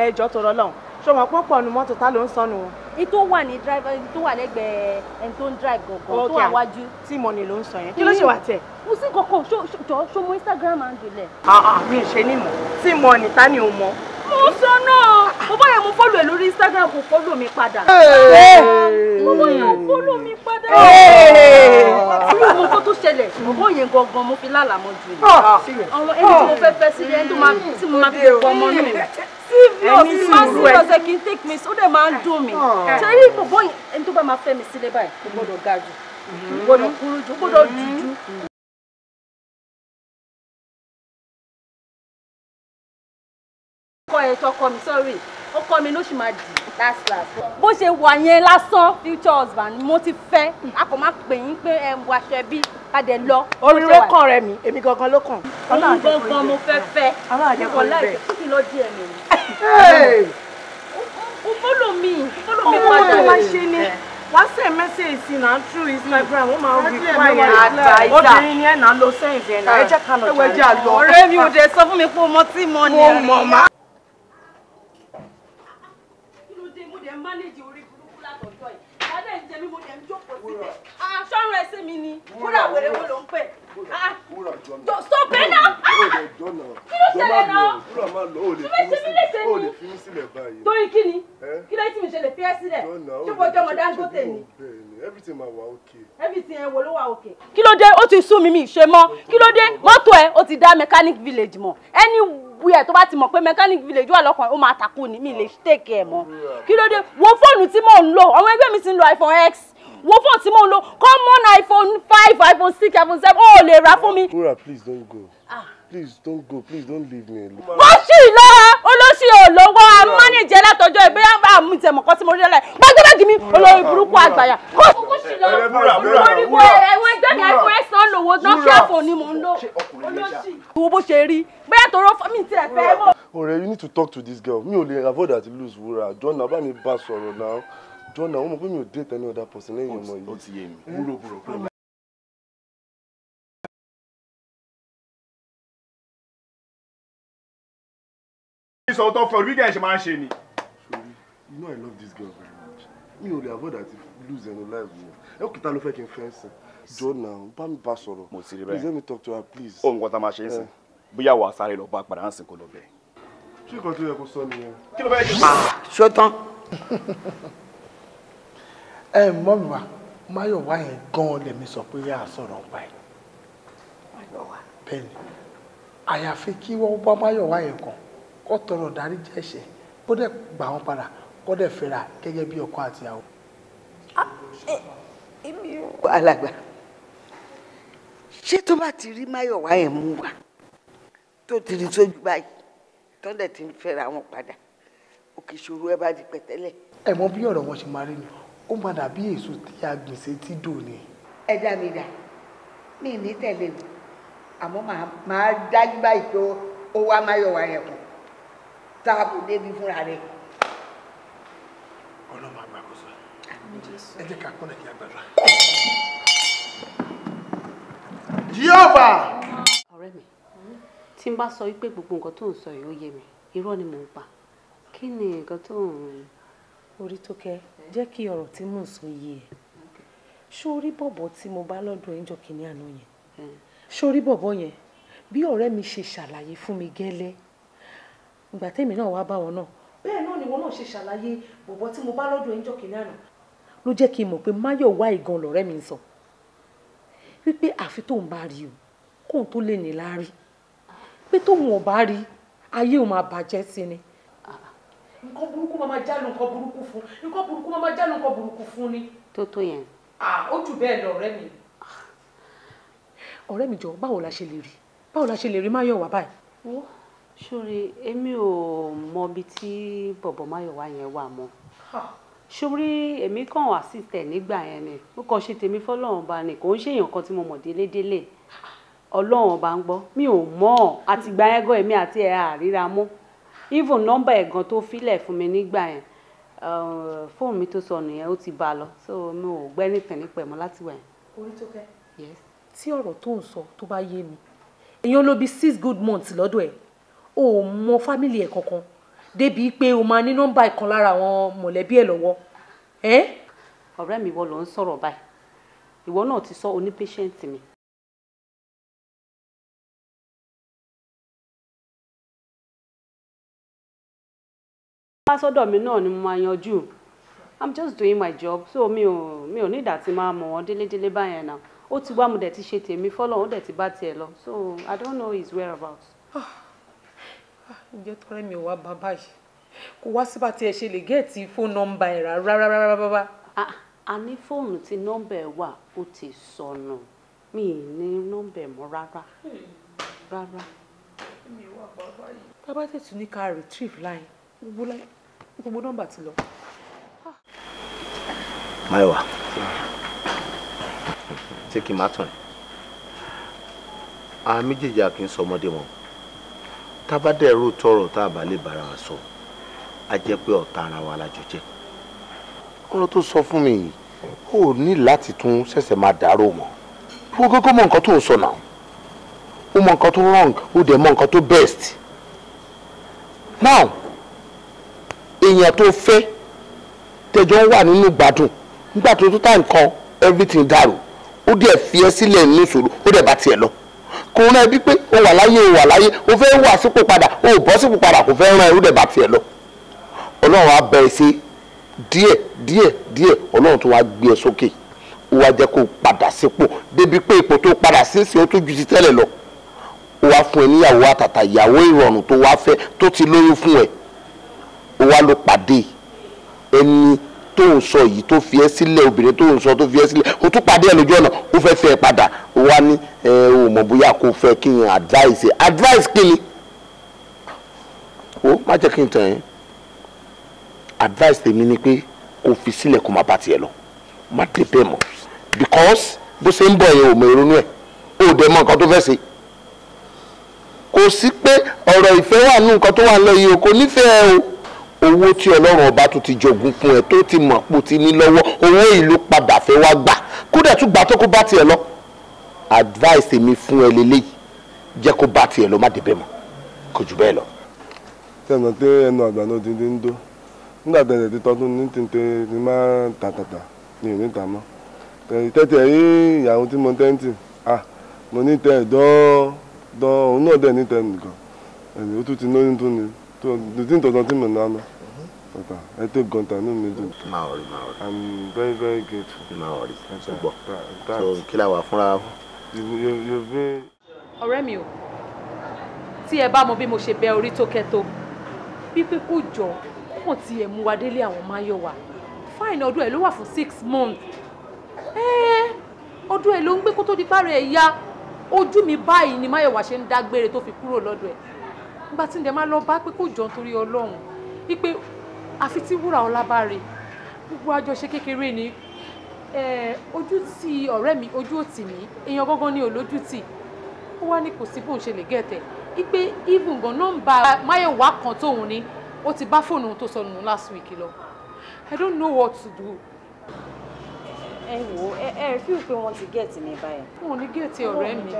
ẹ jọ tọrọ lọ́hùn ṣọmọ pé pọ̀ nu mọ́tò ta ló ń sọnù wọn. ní tó wà ní drive ẹni tó wà lẹ́gbẹ̀ẹ́ ẹni tó ń drive gọ̀gọ̀ tó wà wájú. tí mọ̀nì ló ń sọ yẹn kí ló ṣe wà tẹ̀. mo sì kọ́kọ́ jọ ṣo mo Instagram handle ẹ̀. Ah, ah, mi ò ṣe ní mọ̀ tí mọ̀nì ta ni ò mọ̀ mo sọ náà mo bọ́ yẹn mo fọ́lù ẹ̀ lórí Instagram kò fọ́lù mi padà mo bọ́ yẹn fọ́lù mi padà irú mo kó tó ṣẹlẹ̀ mo bọ́ yẹn gangan mo fi lálàá mọ́ jù ah! ah! ọ̀rọ̀ ẹni tí mo ah! fẹ́ fẹ́ sílẹ̀ ẹni hmm. tí mo máa fi pọ̀ ọmọ mi ẹni sùúrù ẹ ọsẹ kì í take me ó dẹ̀ máa ń dùn mí torí bọ̀bọ̀ ẹni tó bá máa fẹ́ mi sílẹ̀ báyìí kò gbọ́dọ̀ ga jù kò gbọ́dọ̀ kúrú jù kò gbọ́dọ̀ dúdú. kọ́ ẹ tọkọ mi sọ́rí ó kọ́ mi ló sì máa dì last last. bó ṣe wà yẹn lásán future husband mo ti fẹ́ a kò má pè yín pé ẹ wọ aṣọ ẹbí ká dẹ̀ lọ. orin ló kàn rẹ mi èmi gangan ló kàn. òun gangan mo fẹ́ fẹ́ mi kò láì kí ló díẹ̀ mi. o fọ́lọ̀ mi fọ́lọ̀ mi padà. ọmọ mi ṣe ni wàá sẹ̀ mẹ́sẹ̀gì sí náà through Instagram wọ́n máa ń rí fún àyè àtàyè obìnrin ni ẹ̀ náà lọ sẹ́yìn ẹ̀ náà ẹ jẹ́ ká lọ jàre. ọ̀rẹ́ mi ò dé sọ fún mi pé mo ní. mo mọ̀ máa. mánéjì orí burúkú látọ̀jọ́ yìí wọ́n dẹ̀ ń jẹ mí mo dẹ̀ ń Ah, ah, sọ́run ẹsẹ̀ mi ni wúrà wèrè wo ló ń pè. Ah, stop ẹ náà. kí ló ṣẹlẹ̀ náà. wúrà máa lọ òòlè fi mí sílẹ̀ báyìí. torí kí ni kí ló tí mi ṣe lè fi ẹ́ sílẹ̀ ṣé mo jẹ́ ọmọ Dangote ni. everything ma wà òkè. everything ẹ wo ló wà òkè. kí ló dé ó ti sú mi mi ṣe mọ́ kí ló dé mọ́tò ẹ ó ti dá mechanic village mọ́ ẹni wúyẹ tó bá ti mọ̀ pé mechanic village wà lọ́kàn ó máa takú ni mi lè take ẹ̀ mọ́ kí ló dé wo fóònù tí mò ń lò ọmọ ẹgbẹ́ mi ti ń lo iPhone X wo fóònù tí mò ń lò common iphone five iphone six iphone seven ó lè rà fún mi. Kúrà please don't go. Ah. Please don't go please don't leave me alone. Wọ́n ṣì lọ olóṣì olówó amánìjẹ́ látọjọ́ ìgbé àmútẹ̀mọ̀kọ́ tí mo rí lọ́la ẹ̀ gbájúbájì mi olórí burúkú àgbàyà. Kó kókó ṣì lọ oríwó ẹ̀wọ̀n ẹgbẹ́ mi àìkú ẹ̀sán lòwò Nokia phone ni mò ń lò olóṣì. Wo bó ṣe rí bẹ́ẹ̀ tó rọ́ mi tiẹ̀ fẹ́ mọ̀. Ọ̀rẹ́ you need to talk to this girl mi ò lè avoid àti lose Wúrà John abami bá sọ̀rọ̀ náà jọ́nà àwọn ọmọ pé mi ò date any other person lẹ́yìn ọmọ yìí. ó ti yé mi búròbúrò kúrò. sọ tó fẹ́ orí gẹ̀ẹ́sì máa ń ṣe you know i love this girl very much mi only lè avoid àti lose ẹnu life mi ẹ kìtà ló fẹ́ kí n fẹ́ sìn jọ́nà bá please let me talk to her please. Oh, kan tá a máa ṣe é sìn bóyá back sáré lọ bá padà á sìn kó lọ bẹ́ẹ̀. ṣé ìkan tó yẹ kó ẹ mọ́ mi wá máyọ̀wá yẹn gan-an lèmi sọ pé yà á sọ̀rọ̀ ọ̀pá ẹ̀ bẹ́ẹ̀ ni àyàfi kí wọ́n bá máyọ̀wá yẹn kàn kó tọrọ dárí jẹ́ ẹ̀ṣẹ̀ kó dẹ̀ gbà wọ́n padà kó dẹ̀ fẹ́ra gẹ́gẹ́ bí ọkọ àti ìyàwó. èmi ò alàgbà ṣé tó bá ti rí máyọ̀wá yẹn mú wa tó ti rí sójú báyìí tó dẹ̀ ti ń fẹ́ra wọn padà òkè ìṣòro ẹ bá di pẹ̀tẹ́lẹ̀. ẹ mọ bí ọ̀rọ̀ wọn ṣe máa rí ni ó máa dàbí èso tí a gbìn sétí dò ni. ẹ dá mi dà mí ní tẹ̀lé o àmọ́ màá dájú báyìí pé ó wá máyọ̀wá rẹ̀ kù tá a kò débi fúnra rẹ̀. ọlọ́mọ àgbàkóso ẹ jẹ́ ká kúnlẹ̀ kí a gbàdúrà. yíyọ̀bà. ọ̀rẹ́ mi tí n bá sọ wípé gbogbo nǹkan tó ń sọ yìí ó yé mi irọ́ ni mò ń pa kí ni nǹkan tó ń orí tó kẹ jẹ́ kí ọ̀rọ̀ tí mò ń sọ yé ẹ sórí bọ̀bọ̀ tí mo bá lọ́dọ̀ ẹ̀ńjọ́ kìíní àná yẹn sórí bọ̀bọ̀ yẹn bí ọ̀rẹ́ mi ṣe ṣàlàyé fún mi gẹ́lẹ́ ìgbà tẹ́mi náà wá bá wọn náà bẹ́ẹ̀ náà ni wọn náà ṣe ṣàlàyé bọ̀bọ̀ tí mo bá lọ́dọ̀ ẹ̀ńjọ́ kìíní àná ló jẹ́ kí n mọ̀ pé Máyọ̀wá ìgan lọ̀rẹ́ mi ń sọ wípé àfi tóun bá rí o kóun tó lè ní láárí pé tóun ò bá rí ayé òun máa bàjẹ́ sí ni nǹkan burúkú máa máa jálo nǹkan burúkú fún nǹkan burúkú máa máa jálo nǹkan burúkú fún ni. tó tó yẹn. ó jù bẹ́ẹ̀ lọ ọ̀rẹ́ mi. Ah, ọ̀rẹ́ mi jọ báwo la ṣe lè rí báwo la ṣe lè rí Máyọ̀wá báyìí. wo ṣúri èmi ò mọ ibi tí bọ̀bọ̀ Máyọ̀wá yẹn wà mọ́ ṣúri èmi kàn wá sí tẹ̀ nígbà yẹn ni mo kàn ṣe tèmi fọlọ́run ba ni kò ń ṣèyàn kan tí mo mọ̀ délédélé ọlọ́run ọba ń gbọ́ mi ò mọ̀ àtìgbà yẹn gan àti ẹ̀ àríra mọ́ even nọ́mbà ẹ̀gan tó filẹ̀ fún mi nígbà yẹn eh, fóònù mi tó sọnù yẹn ó ti bá a lọ so mi ò gbẹ́ nìkan nípa ẹ̀ mọ́ láti wẹ̀. orí tó kẹ́. yes. tí ọ̀rọ̀ tó ń sọ tó bá yé mi èèyàn ló bí six good months lọ́dọ̀ ẹ̀ o ò mọ fámìlì ẹ̀ kankan débìí pé o máa ní nọ́mbà ìkan lára àwọn mọ̀lẹ́bí ẹ̀ lọ́wọ́ ẹ́. ọ̀rẹ́ mi wọ́n ló ń sọ̀rọ̀ báyìí ìwọ náà ti sọ oní patient mi. wá sọ́dọ̀ mi náà ni mo máa yanjú i'm just doing my job so mi ò mi ò ní ìdá tí máa mọ̀ wọ́n délédélé báyẹn náà ó ti wá mo dẹ̀ ti ṣe tèmi fọ́lọ́ dẹ̀ ti bá tiẹ̀ lọ so i don't know his whereabouts. Ah, ah, ǹjẹ́ tọ́rẹ́ mi ò wá bá báyìí kò wá sí bá tiẹ̀ ṣe lè gẹ́ẹ̀tì fóònù nọ́mbà ẹ̀ rárá rárá rárá. a ní fóònù tí nọ́mbà ẹ̀ wà ó ti sọnù mi ì ní nọ́mbà ẹ̀ mọ́ rárá hmm. rárá. bàbá tètè ní ká retrieve line gbogbo nọ́mbà ti lọ. Máyọ̀wá ṣé kí n má tàn ẹ́ àwọn méjèèjì a kì í sọmọdé wọn tá a bá dẹ̀ rò tọrọ tá a bá lè bára wa sọ a jẹ́ pé ọ̀tá ara wa la jọ jẹ́. ọ̀rọ̀ tó sọ fún mi yìí ó ní láti tún ṣẹ̀ṣẹ̀ máa dàrú mọ́ wọ́n kọ́kọ́ mọ nǹkan tó ń sọ náà ó mọ nǹkan tó wrong ó dẹ̀ mọ nǹkan tó best now èèyàn tó fẹ́ tẹjọ́ wà nínú gbádùn nígbà tó tó tà nǹkan everything dàrú ó dẹ̀ fi ẹ́ sílẹ̀ nínú ìṣòro ó dẹ̀ bá tiẹ̀ lọ kò rán ẹbí pé o wà láyé o wà láyé o fẹ́ wà sípò padà o ò bọ́ sípò padà kò fẹ́ rán ẹ ó dẹ̀ bá tiẹ̀ lọ ọlọ́run á bẹ̀rẹ̀ sí díẹ̀ díẹ̀ díẹ̀ ọlọ́run tó wá gbé ẹ sókè ó wá jẹ́ kó o padà sípò débi pé ipò tó padà sínsìn o tún ju ti tẹ́lẹ̀ lọ ó wá fún ẹ níyàwó àtàtà ìyàwó ìrọ̀rùn tó wá fẹ́ tó ti lóyún fún ẹ ó wá ló pàdé ẹni tó ń sọ yìí tó fi ẹ́ sílẹ̀ obìnrin tó ń sọ tó fi ẹ́ sílẹ̀ o tún pàdé ẹ̀ lójú ọ̀nà ó fẹ́ fẹ́ ẹ padà ó wá ní ẹ ò mọ̀ bóyá kó fẹ́ kí n advice ẹ advice kí ni o má jẹ́ kí n tàn yín advice tèmi ni pé kó fi sílẹ̀ kó má bá tiẹ̀ lọ má tẹ̀ bẹ́ẹ̀ mọ́ because bó ṣe ń bọ̀ yẹn ò mọ ìrònú ẹ̀ ó dẹ̀ mọ nǹkan tó fẹ́ ṣe kò sí pé ọ̀rọ̀ ìfẹ́ wà nù nǹkan tó wà lọ yìí o kò nífẹ̀ẹ́ o owó tí ọlọ́run ọba tó ti jogún fún ẹ tó ti mọ̀ pò ti ní lọ́wọ́ owó ìlú padà fẹ́ wá gbà kódà tún gbà tó kó bá tiẹ̀ lọ advice mi fún ẹ lélẹ́yìí jẹ́ kó bá tiẹ̀ lọ má débẹ̀ mọ́ kò jù bẹ́ẹ̀ lọ. tẹ̀nà pé ẹnu àgbà náà ti di ń dó nígbà tẹ̀lẹ̀ ti tọ́dún ní tìǹtẹ̀ ni má tàtàtà ni ò ní tà mọ́ tẹ̀tẹ̀ rí ìyàwó tí mo tẹ́ǹtì ah mo ní tẹ̀ dán dán òun náà tí mo ná náà. I ẹ tó gan tànú mi dùn. máa wọrí máa i'm very very grateful. máa wọrí ṣùgbọ́n so kí la wà fúnra. ọ̀rẹ́ mi o tí ẹ bá mọ bí mo ṣe bẹ orí tó kẹ́tó pípé kò jọ kó mọ̀ tí ẹ mú wa délé àwọn máyọ̀wá fáìn ọdún ẹ ló wà fún six months ọdún ẹ ló ń gbé kó tó di párẹ ẹ yá ojú mi báyìí ni máyọ̀wá ṣe ń dágbére tó fi kúrò lọ́dọ̀ ẹ nígbà tí ǹdẹ máa lọ bá pé kò jọ nítorí ọlọ́run wípé àfi tí wúrà ọlá bá rè gbogbo àjọṣe kékeré ni ojú ti ọ̀rẹ́ mi ojú òtì mi èèyàn gangan ni olójú tì ó wá ní kò sí bóun ṣe lè gẹ̀tẹ̀ ipe even gan nọ́mbà máyẹ̀wá kan tóun ni ó ti bá fóònù tó sọnù last week lọ i don't know what to do ẹ wò ẹ ẹ fíìpé wọn ti gẹ̀ẹ́tì ní báyìí. wọn ò ní gẹ̀ẹ́tì ọ̀rẹ́ mi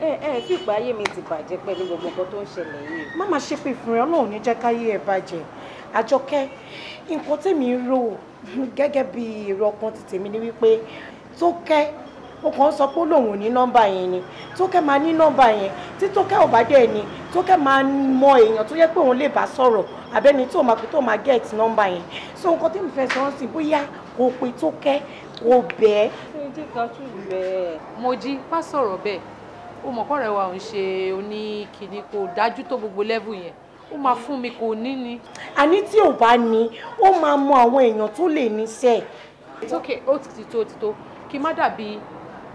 ẹ ẹ fi ìgbà ayé mi ti bàjẹ́ pẹ̀lú gbogbo nǹkan tó ń ṣẹlẹ̀ yìí. má máa ṣépè fún ẹ ọlọ́run ní jẹ́ káyé ẹ bàjẹ́ àjọkẹ́ nǹkan tèmi ń rò gẹ́gẹ́ bí èrò ọkàn ti tèmi ni wípé tó kẹ́ ó kàn sọ pé lòun ò ní nọ́mbà yẹn ni tó kẹ́ máa ní nọ́mbà yẹn tí tó kẹ́ ò bá dẹ̀ ni tó kẹ́ máa mọ èèyàn tó yẹ pé òun lè bá sọ̀rọ̀ àbẹ́ni tó máa pè tó máa get nọ́mbà yẹn so nǹkan tí mo fẹ́ sọ sí bóyá kò pe tó kò bẹ́ẹ̀. ṣé jẹ́ ká tún bẹ́ẹ̀ mo jí bá bẹ́ẹ̀ ó mọ̀ kọ́rẹ́ wa ò ń ṣe oníkìní kò dájú tó gbogbo lẹ́bù yẹn ó máa fún mi kò ní ni. àní tí ò bá ní ó máa mọ àwọn èèyàn tó lè níṣẹ́. it's okay ó ti tó ti tó kí má dàbí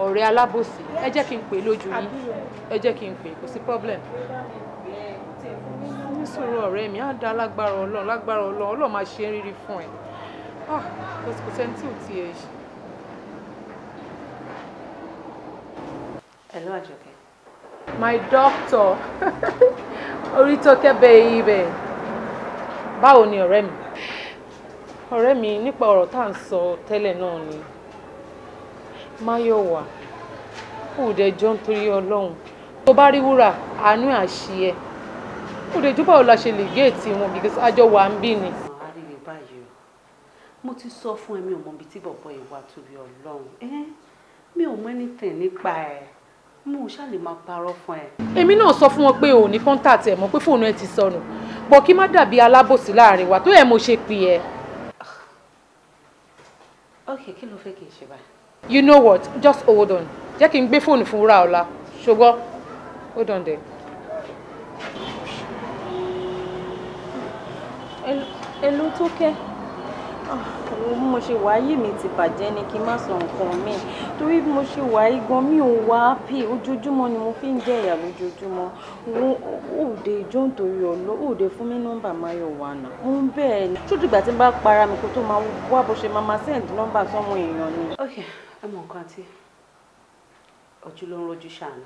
ọ̀rẹ́ alábòsí ẹ jẹ́ kí n pè lójú yín ẹ jẹ́ kí n pè kò sí problem ní sùúrù ọ̀rẹ́ mi á dá lágbára ọlọ́run lágbára ọlọ́run ọlọ́run máa ṣe rírí fún ẹ ah, kò sí kò sẹ́ni tí ò tiẹ̀ ṣe. hello àjọkẹ́ my doctor <laughs> oritoke baby báwo ni ọ̀rẹ́ mi ọ̀rẹ́ mi nípa ọ̀rọ̀ tá à ń sọ tẹ́lẹ̀ náà ude Máyọ̀wá òdẹjọ́ nítorí Ọlọ́run tó bá rí wúrà àánú àṣì ẹ òdẹjọ́ báwo la ṣe lè géètì wọn because ajo wà ń bí ni. mo ti sọ fún ẹ mi ò mọ ibi tí bọ̀bọ̀ ìwà tóbi Ọlọ́run mi ò mọ anything nípa ẹ̀ mo ṣáà lè máa parọ́ fún ẹ. èmi náà sọ fún wọn pé o ò ní kọ́ńtà tẹ̀ mọ́ pé fóònù ẹ ti sọnù bọ̀ kí má dàbí alábòsí láàrin wa tó yẹ mo ṣe pè ẹ́. ok kí ló fẹ́ kí n ṣe báyìí. you know what just hold on jẹ́ kí n gbé fóònù fún wúrà ọ̀la ṣùgbọ́n hold on there. èlò tó kẹ́. Ah bí mo ṣe wà yìí mi ti bàjẹ́ ni kí n má sọ nǹkan mi torí bí mo ṣe wà gan mi ò wá pè ojoojúmọ́ ni mo fi ń jẹ ìyà lójoojúmọ́ òde ìjọ nítorí ọ̀lọ́ òde fún mi nọ́mbà Máyọ̀wá náà mo ń bẹ́ẹ̀ ni ṣó dìgbà tí n bá para mi kó tó máa wá bó ṣe máa máa send nọ́mbà sọ́mọ èèyàn ni. ok ẹ mọ nǹkan àti ojú ló ń rojú ṣàánú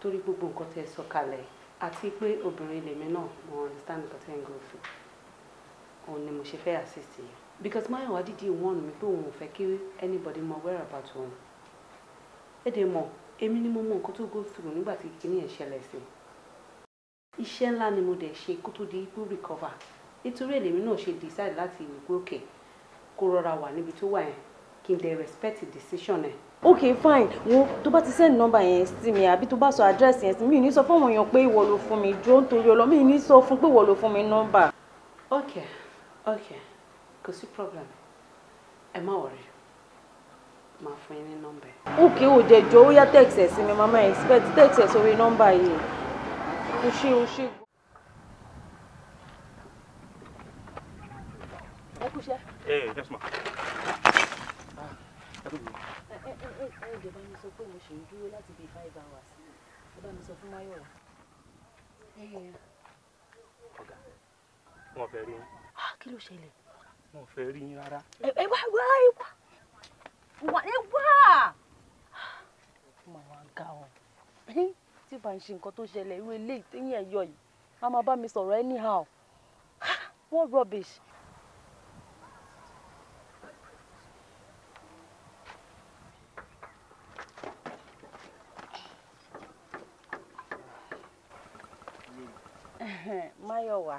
torí gbogbo nǹkan tẹ sọ kalẹ̀ àti pé obìnrin lèmi náà mo understand nǹkan tẹ ń gbọ́ fún òun ni mo ṣe fẹ́ assist yẹn because Máyọ̀wá dídí warn mi pé òun ò fẹ́ kí anybody mọ whereabout òun ẹ dẹ̀ mọ̀ èmi ni mo mọ nǹkan tó go through nígbà tí kinní ẹ̀ ṣẹlẹ̀ sí iṣẹ́ ńlá ni mo dẹ̀ ṣe kó tó di ipò recover nítorí èlèmi náà ṣe decide láti ìwé òkè kó rọra wà níbi tó wà yẹn kí n dẹ̀ respect decision ẹ̀. ok fine wo tó bá ti send number yẹn sí mi àbí tó bá sọ address yẹn sí mi mi ò ní sọ fún àwọn èèyàn pé ìwọ ló fún mi dúró nítorí ọlọ́mí ní sọ fún pé ìwọ ló fún mi number. ok Okay, kò the problem ẹ má My máa number. Okay, ní nọ́mbà ẹ. òkè òjẹjọ ó yá mama expect text ẹ sórí number here. o ṣe o ṣe. ẹ kú yes ma. ẹ ẹ ẹ bá mi ah kí ló ṣẹlẹ̀. mo fẹ́ rí yín rárá. ẹ wá wá ẹ wá wà ẹ wá. mo máa ga ọ tí bá ń ṣe nǹkan tó ṣẹlẹ̀ irú eléyìí téyìn ẹ̀ yọ yìí a máa bá mi sọ̀rọ̀ anyhow what rubbish. Máyọ̀wá.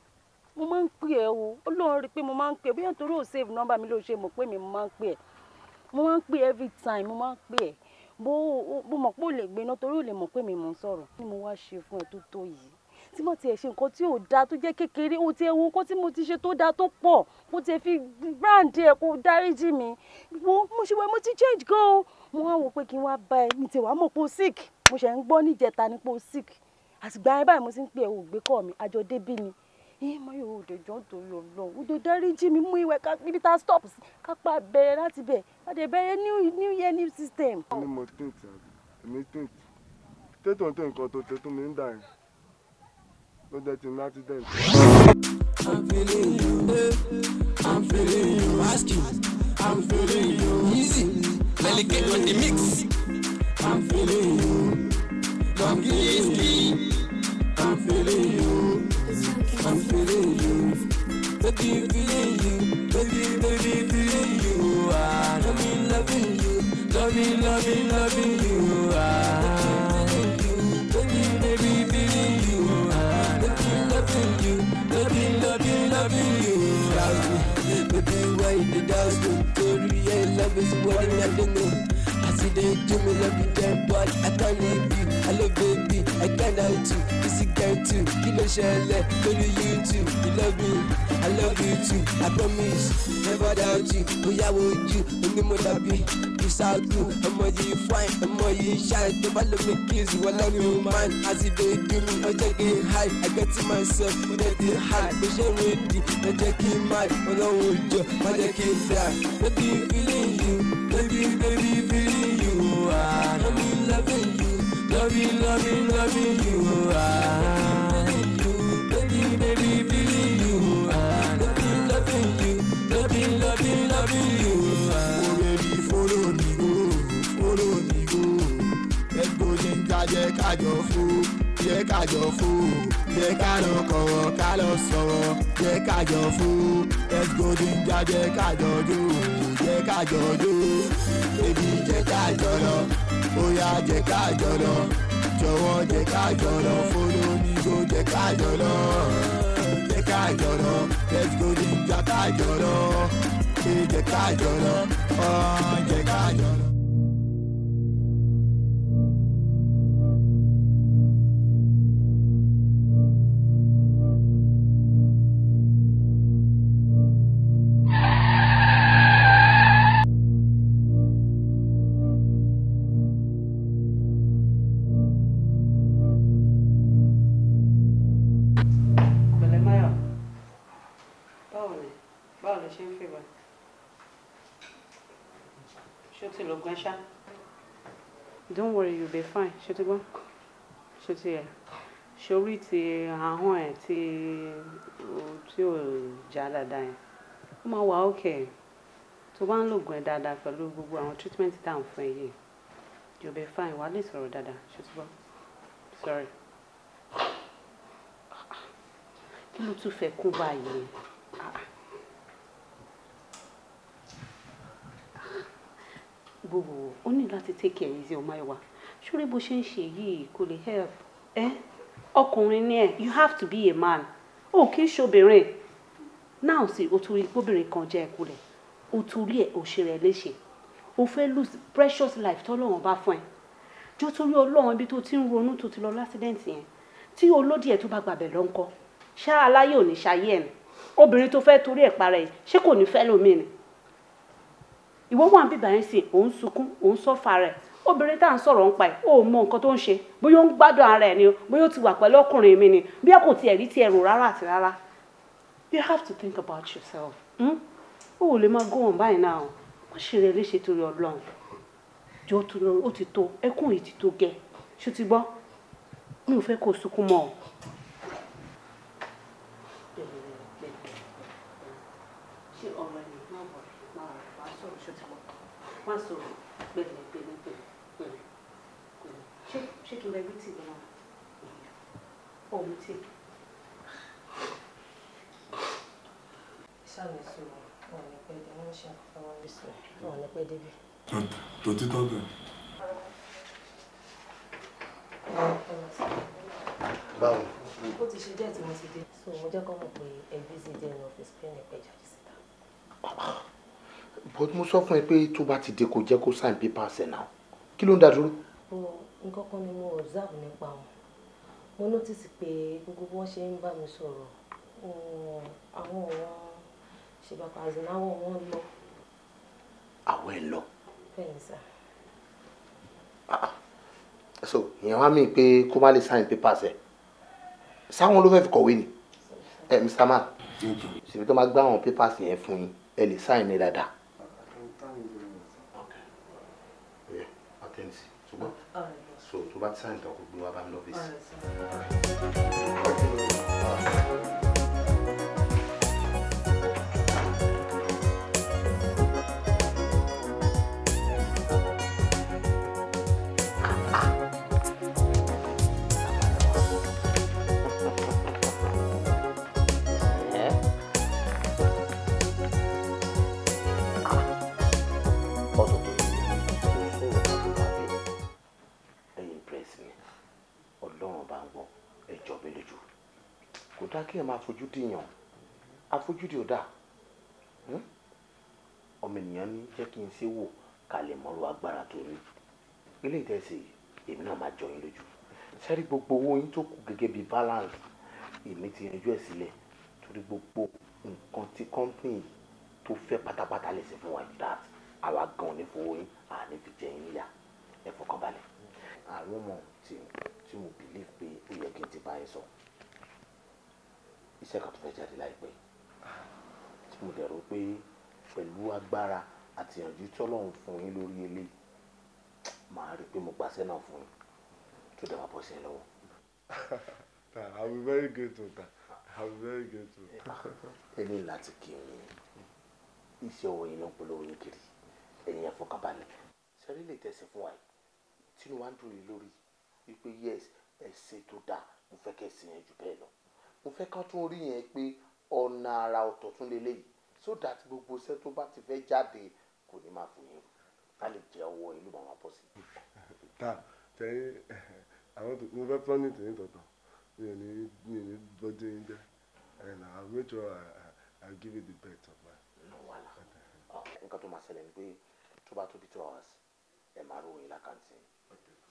mo máa ń pè ẹ́ o Ọlọ́run rí i pé mo máa ń pè ẹ́ bóyá nítorí ò save number mi ló ṣe mọ̀ pé mi máa ń pè ẹ́ mo máa ń pè ẹ́ every time mo máa ń pè ẹ́ bó bó mọ̀ pé ò lè gbéná torí ò lè mọ̀ pé mi mò ń sọ̀rọ̀ kí mo wá ṣe fún ẹ tó tó yìí tí mo tiẹ̀ ṣe nǹkan tí ò dáa tó jẹ́ kékeré o tiẹ̀ wo nǹkan tí mo ti ṣe tó dáa tó pọ̀ mo tiẹ̀ fi bíráǹdì ẹ̀ kó dáríjì mi wo mo ṣe wẹ̀ mo ti change gan o mo wá wò pé kí n wá bá ẹ mi tiẹ̀ wá mọ̀ pé o sick mo ṣẹ̀ ń gbọ́ níjẹta ni pé o sick àtìgbà yẹn báyìí mo ti ń pè ẹ́ ògbé kọ́ mi àjọ débí ni ẹ mọyò òdòjọ torí Ọlọ́run òdò dáríjì mi mú ìwẹ níbi tá a stop sí kápá bẹ̀rẹ̀ láti bẹ láti bẹ̀rẹ̀ new year new system. ní mo tún àbí èmi tún tètò tó nǹkan tó tètò mi ń dà yẹn ló jẹ ti ní accident. I'm feeling you, eh. I'm feeling you, ask you, I'm feeling you, easy, Let me get on the mix. I'm feeling you, don't give me, I'm feeling you. I'm feeling you. Baby, feeling you. Baby, baby, feeling you. i Ah, loving, loving you. Loving, loving, loving you. I'm you, baby, baby, feeling you. i Ah, loving, loving you. Loving, loving, loving you. Baby, baby, why the dance look good? Yeah, love is what I'm loving. I see they do me love you, damn, but I can't leave you. I love baby, I can't out you weekend too kí ló ṣẹlẹ̀ lórí youtube you love me i love you too i promise never doubt you you? bóyá wojú onímọ̀dàbí ìṣáájú ọmọ you fine ọmọ you shine tó bá lómi kiss i love you man as e dey do me I'm kí n hide i get to myself ó jẹ́ kí n hide bó ṣe wé di ó jẹ́ kí n mad ọlọ́run òjò má jẹ́ kí n die baby feeling you baby baby feeling you ah no be loving you. loving, loving, loving you. Ah, baby, baby, feeling you. Ah, loving, loving you, loving, loving, loving you. Ah, oh baby, follow me go, follow me go. Ẹ̀gbọ́n go ń jajẹ́ kájọ fún, jẹ́ kájọ fún jẹ́ ká lọ kọ̀wọ̀ ká lọ sọ̀rọ̀ jẹ́ ká let's go ginger jẹ́ ká jọ jó jẹ́ ká jọ jó èmi jẹ́ ká Oya jẹ́ ká jọ lọ jọ̀wọ́ jẹ́ ká jọ lọ folo ni ká jọ lọ ká jọ let's go ninja ká jọ lọ jẹ́ ká jọ lọ jẹ́ ká jọ don't worry you'll be fine ṣe ti gbọ́ ṣe ti ẹ̀ ṣorí ti ahọ́n ẹ̀ tí tí ò já dáadáa yẹn ó máa wà ókè tó bá ń lògùn ẹ̀ dáadáa pẹ̀lú gbogbo àwọn treatment tá à ń fún ẹ yìí you be fine wà á lè sọ̀rọ̀ dáadáa ṣe ti gbọ́ sorry kí ló tún fẹ́ kú báyìí ah, ah. gbogbo ó ní láti take care easy ọmọ ẹwà ṣúrí bó ṣe ń ṣe yìí kò lè help ẹ ọkùnrin ni ẹ you have to be a man ó kì í ṣobìnrin náà sì o torí gbóbìnrin kan jẹ́ ẹ̀kú rẹ̀ o torí ẹ̀ ò ṣe rẹ̀ léṣe o fẹ́ lose precious life tọ́lọ́run bá fún ẹ jọ torí ọlọ́run ibi tó ti ń ronú tó ti lọ lásìdẹ́ǹtì yẹn tí olódì ẹ̀ tó bá gbàbẹ̀ lọ ń kọ́ ṣá aláyé ò ní ṣayé ẹ̀ obìnrin tó fẹ́ torí ẹ̀ para ẹ̀ ṣé kò ní fẹ́ lómi ni ìwọ wà bíbà yẹn sìn òun sunkún òun sọ́fà rẹ̀ obìnrin tá à ń sọ̀rọ̀ ń pa ẹ̀ ó mọ nǹkan tó ń ṣe bóyá ó ń gbádùn ara ẹ̀ ni bóyá ó ti wà pẹ̀lú ọkùnrin mi ni bí ẹ kò tiẹ̀ rí tiẹ̀ rò rárá àti rárá you have to think about yourself hmm? ó ò lè máa go on báyìí náà má ṣe rẹ léṣe torí ọlọ́run jọ ó ti tó ẹkún yìí ti tó gẹ ṣó ti gbọ́ mi ò fẹ́ kó sunkún mọ́ ọ wá sọ̀rọ̀ pẹ̀lẹ́ pẹ̀lẹ́ pẹ̀lẹ́ pẹ̀lẹ́ pẹ̀lẹ́ ṣé ṣé kí n bẹ rí tìgbọ́n náà ọ̀hún tì. sáà ní sọ̀rọ̀ báwo. ó ti ṣe díẹ̀ tí mo ti dé so mo jẹ́ kọ́ mọ̀ pé ẹbí ti dé ní ọ́fíìsì pé ní ẹ̀pẹ́ jáde síta but mo sọ fún ẹ pé tó bá ti dé kó jẹ́ kó sign papers ẹ̀ náà kí ló ń dá dúró. nǹkan kan ni mo observe nípa wọn mo notice pé gbogbo bí wọ́n ṣe ń bá mi sọ̀rọ̀ àwọn ọ̀rọ̀ ṣèbàpà àzìnáwọ̀ wọn lọ. àwọn ẹ̀ lọ. bẹ́ẹ̀ ni sà. Ah, ah. so ìyẹn wá mí pé kó má lè sign papers ẹ̀ sáwọn ló fẹ́ fi kọ̀wé ni ẹ eh, Mr. Man ṣèbí tó máa gbá àwọn papers yẹn fún yín ẹ lè sign ní dáadáa. so tó bá ti dáa kéèyàn máa fojú dìyàn àfojúdi ò dáa hmm? ọmọ ènìyàn ní jẹ́ kí n ṣe wò ká lè mọ̀rọ̀ agbára tó ní ilé ìtẹ̀sẹ̀ èmi náà máa jọ yín lójú sẹ́rí gbogbo owó yín tó kù gẹ́gẹ́ bíi balance èmi ti yanjú ẹ̀ sílẹ̀ torí gbogbo nǹkan tí company tó fẹ́ pátápátá lè ṣe fún wa yìí dat àwa gan ní fowó yín àní fi jẹ yín níyà ẹ fọkàn balẹ̀ àwọn ọmọ tí mo believe pé ó yẹ kí n ti bá yín sọ. So iṣẹ́ kan tó fẹ́ jáde láìpẹ́ tí mo dẹ̀ rò pé pẹ̀lú agbára àti ìyànjú tí ọlọ́run fún yín lórí ilé màá rí i pé mo gbàṣẹ́ náà fún yín tó dẹ̀ máa bọ́ sí ẹ lọ́wọ́. I will be very grateful. I will be very grateful. Eh, ah, ẹni láti kí n iṣẹ́ ọwọ́ yín ló ń polówó yín kiri ẹ̀yin àfọkànbalẹ̀ sẹ́rí lè tẹ̀sí fún wa yìí tínú wa dùn yín lórí wípé yes ẹ̀ ṣe tó dáa mo fẹ́ kẹ́ ẹ̀ sìn yẹn jù bẹ́ẹ̀ lọ mo fẹ́ kán tún rí yẹn pé ọ̀nà àrà ọ̀tọ̀ tún lélẹ̀ yìí so that gbogbo iṣẹ́ tó bá ti fẹ́ jáde kò ní máa fò yín ká lè jẹ́ ọwọ́ ìlú màmá pọ̀ sí. ta tẹ̀yìn àwọn tó mo fẹ́ pọ́nì tẹ̀yìn tọ̀tọ̀ mi ò ní mi ò ní bọ́dé yín jẹ́ and I make sure I, I, I give you the best of my. Ah, nǹkan tó máa ṣẹlẹ̀ ni pé tó bá tó two hours ẹ̀ máa ròyìn lákàntì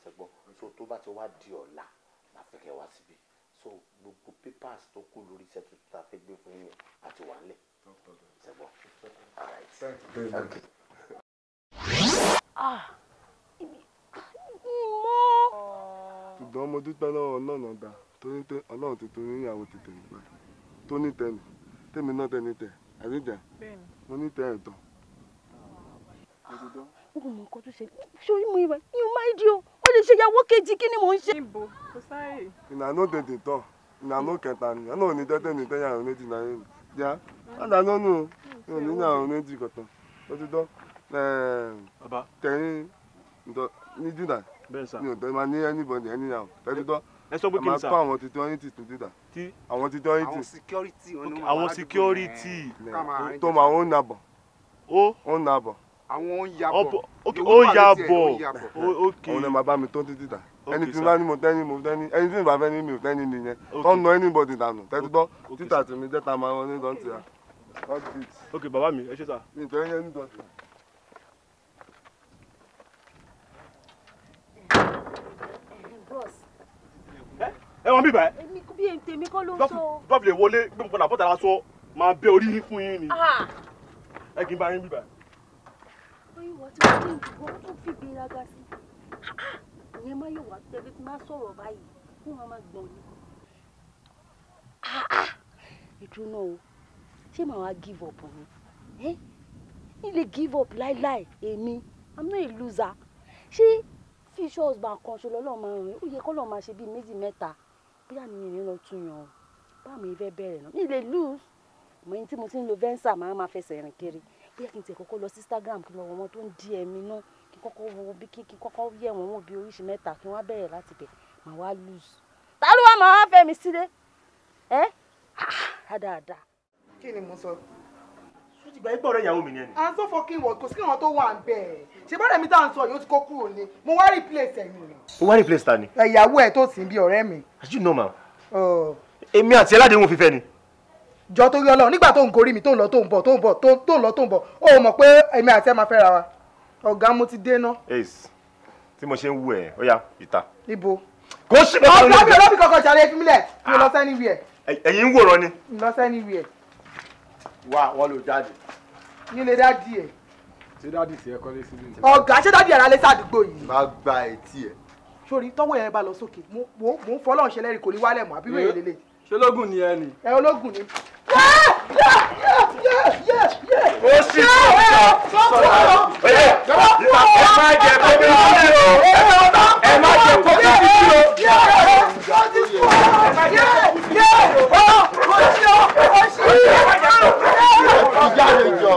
ṣẹ́gbọ́n so tó bá ti wá di ọ̀la máa fẹ́ kẹ́ wá síbí so gbogbo papers tó kù lórí iṣẹ́ tuntun tá a fẹ́ gbé fún yín àti wà ńlẹ̀ ṣẹ̀gbọ́n all right. Okay. ah ìmọ̀. ṣùgbọ́n mo dúpẹ́ lọ́wọ́ ọlọ́run ọ̀gá torí pé ọlọ́run tuntun níyàwó tètè nípa tó ní tẹnu tèmi náà tẹni tẹ àríjà mo ní tẹ ẹ̀tàn. Ah, mo mọ nǹkan tó ṣe sórí mo ìwà ni mo máa ń di o lè ṣe ìyàwó kejì kí ni mò ń ṣe. níbo kò sáyè. ìnáwó tètè tọ ìnáwó kẹta ni àná òní tẹ́tẹ́ ní tẹ́yà àrùn méjì náírà ni já ọ̀dà lọ́nù òní ní àrùn méjì kọ̀tàn ó ti dọ́ tẹ̀yìn ní dídà ní ọ̀dọ́ máa ní anybody anyhow ẹ ti dọ́ ẹ sọ pé kí n sà. a kó àwọn ti twenty to do that. ti ti àwọn security. àwọn security. tó máa ń nabọ̀. ó ń nabọ̀ àwọn ó ń ya bọ̀ ó ya bọ̀ òun náà máa bá mi tó títí ta ẹni tí bá ní mo tẹ́ni mo tẹ́ni ẹni tí bá fẹ́ ní mi ò tẹ́ni nìyẹn tó ń nọ anybody dànù tẹ́tí gbọ́ títà tí mi jẹ́ta máa wọn ní dọ́ǹtì rà. ok bàbá mi ẹ ṣe sà. mi ò ní dọ́ǹtì ẹ wọn bí bá èmi bí èyí kọ́ ló ń sọ. dọ́ọ̀bù lè wọlé gbẹ̀mọ̀kọ́lá bọ́tà la máa bẹ orí yín fún yín ni. Ah. ẹ kì í bá yín bí bá ìwọ tí wọ́n ti ń dùn wọ́n tún fi gbéraga sí ah! ìyẹn má yóò ah! give up ni ilé give up láíláí èmi i'm not a loser ṣé fíṣọ́ husband kan ṣe lọ́lọ́ máa rìn ó yẹ kọ́ lọ́ọ́ máa ṣe bíi méjì mẹ́ta bóyá mi ìrìn lọ tún yàn o báwo ni ìfẹ́ bẹ̀rẹ̀ náà mi lose mo ní tí mo ti ń lo venza màá máa fẹsẹ̀ rìn kiri bóyá kí n tiẹ̀ kọ́kọ́ lọ sí Instagram kí n lọ wọ wọn tó ń di ẹ̀mí náà kí n kọ́kọ́ wọ bí kí n kọ́kọ́ yẹ̀ wọ́n wọ́n bí oríṣi mẹ́ta kí wọ́n bẹ̀rẹ̀ láti bẹ̀ màá wá lose. ta ló wá màá wá fẹ́ mi sílé ẹ́ ah, dáadáa. kí ni mo sọ. sọ́ọ́ ti gba ẹgbẹ́ ọ̀rẹ́ ìyàwó mi ni ẹni. à ń sọ fún kí wọ́n kò sí kí wọ́n tó wà bẹ́ẹ̀ ṣe bọ́dẹ̀ mi tá à ń sọ yìí ó ti kó kúrò ní mo wá replace ẹ̀yìn rẹ̀. o wá replace ta ni. ìyàwó ẹ̀ tó sì bí ọ̀rẹ́ mi. are you normal. Oh. èmi àti ẹládé ń wo fífẹ́ ni jọ torí Ọlọ́run nígbà tó ń gorí mi tó ń lọ tó ń bọ̀ tó ń bọ̀ tó ń lọ tó ń bọ̀ ó mọ̀ pé èmi àti ẹ máa fẹ́ra wa ọ̀gá mo ti dé ná. ace tí mo ṣe ń wù ẹ ó yá ìta. ibo. kò sí ọ̀gá mi olóbì kankan ṣàlẹ̀ fi mílẹ̀ mi lọ sẹ́ni wíẹ̀. ẹ̀yin ń wòran ni. mi lọ sẹ́ni wíẹ̀. wá wọ́n lò jáde. nílé dáàdì ẹ̀. ṣé dáàdì tiẹ̀ kọ́lé sí mi. ọ̀gá ṣé dáàdì ẹ̀ rálé sádùúgbò yìí. má gba ẹ̀ tiẹ̀. sori tọ́wọ́ yẹn bá ṣé ológun ni ẹ ni. ẹ ológun ni. ó sì sọ̀rọ̀ sọ̀rọ̀ ẹ ẹ má jẹ kókó títí o ẹ má jẹ kókó títí o. ẹ má jẹ kókó títí o. ó ṣe ó ṣe. ìyá rẹ̀ jọ.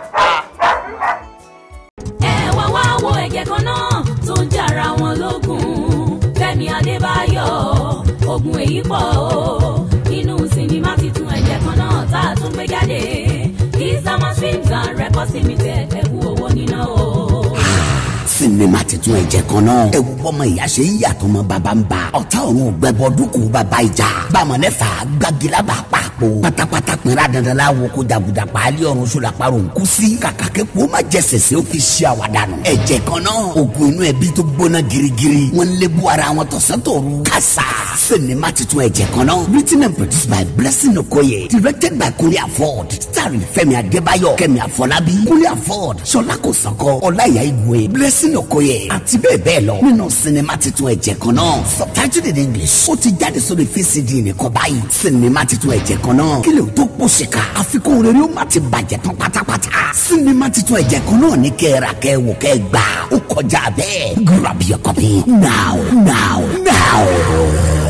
ìtún ẹ̀jẹ̀ kan náà. ẹ wọ ọmọ ìyá ṣe ń yàtọ̀ mọ́ bàbá ń ba ọ̀tá òun ò gbẹ́bọ dúkùú bàbá ìjà bàmọ̀lẹ́fà gbàgìlábà pa po pátápátá pinra dandan la wo ko jàgùdà paálí ọ̀run sọlá parọ́ nkú sí kàkà kẹ́kọ̀ọ́ má jẹsẹ̀ sí ó fi ṣe àwàdà nù. ẹ̀jẹ̀ kan náà ògùn inú ẹbí tó girigiri wọn lé bu ara wọn tọ̀sán tòru kásá sinimá titun ẹ̀jẹ̀ kan náà and produced by blessing okoye directed by kúnlé afọ́d starring fẹ́mi adébáyọ̀ kẹ́mi àfọlábí kúnlé afọ́d ṣọlá kòsànkọ ọláyà igwe blessing okoye àti bẹ́ẹ̀ bẹ́ẹ̀ lọ nínú sinimá titun ẹ̀jẹ̀ kan náà subtitled in english ó ti jáde sórí fcd nìkan báyìí sinimá titun ẹ̀jẹ̀ kan kan náà kí lè tó pòṣìkà àfikún rere ó má ti bàjẹ́ tán pátápátá sinimá titun ẹ̀jẹ̀ kan náà ní kẹ́ra kẹ́wò kẹ́gbà ó kọjá bẹ́ẹ̀ grab your copy now now now.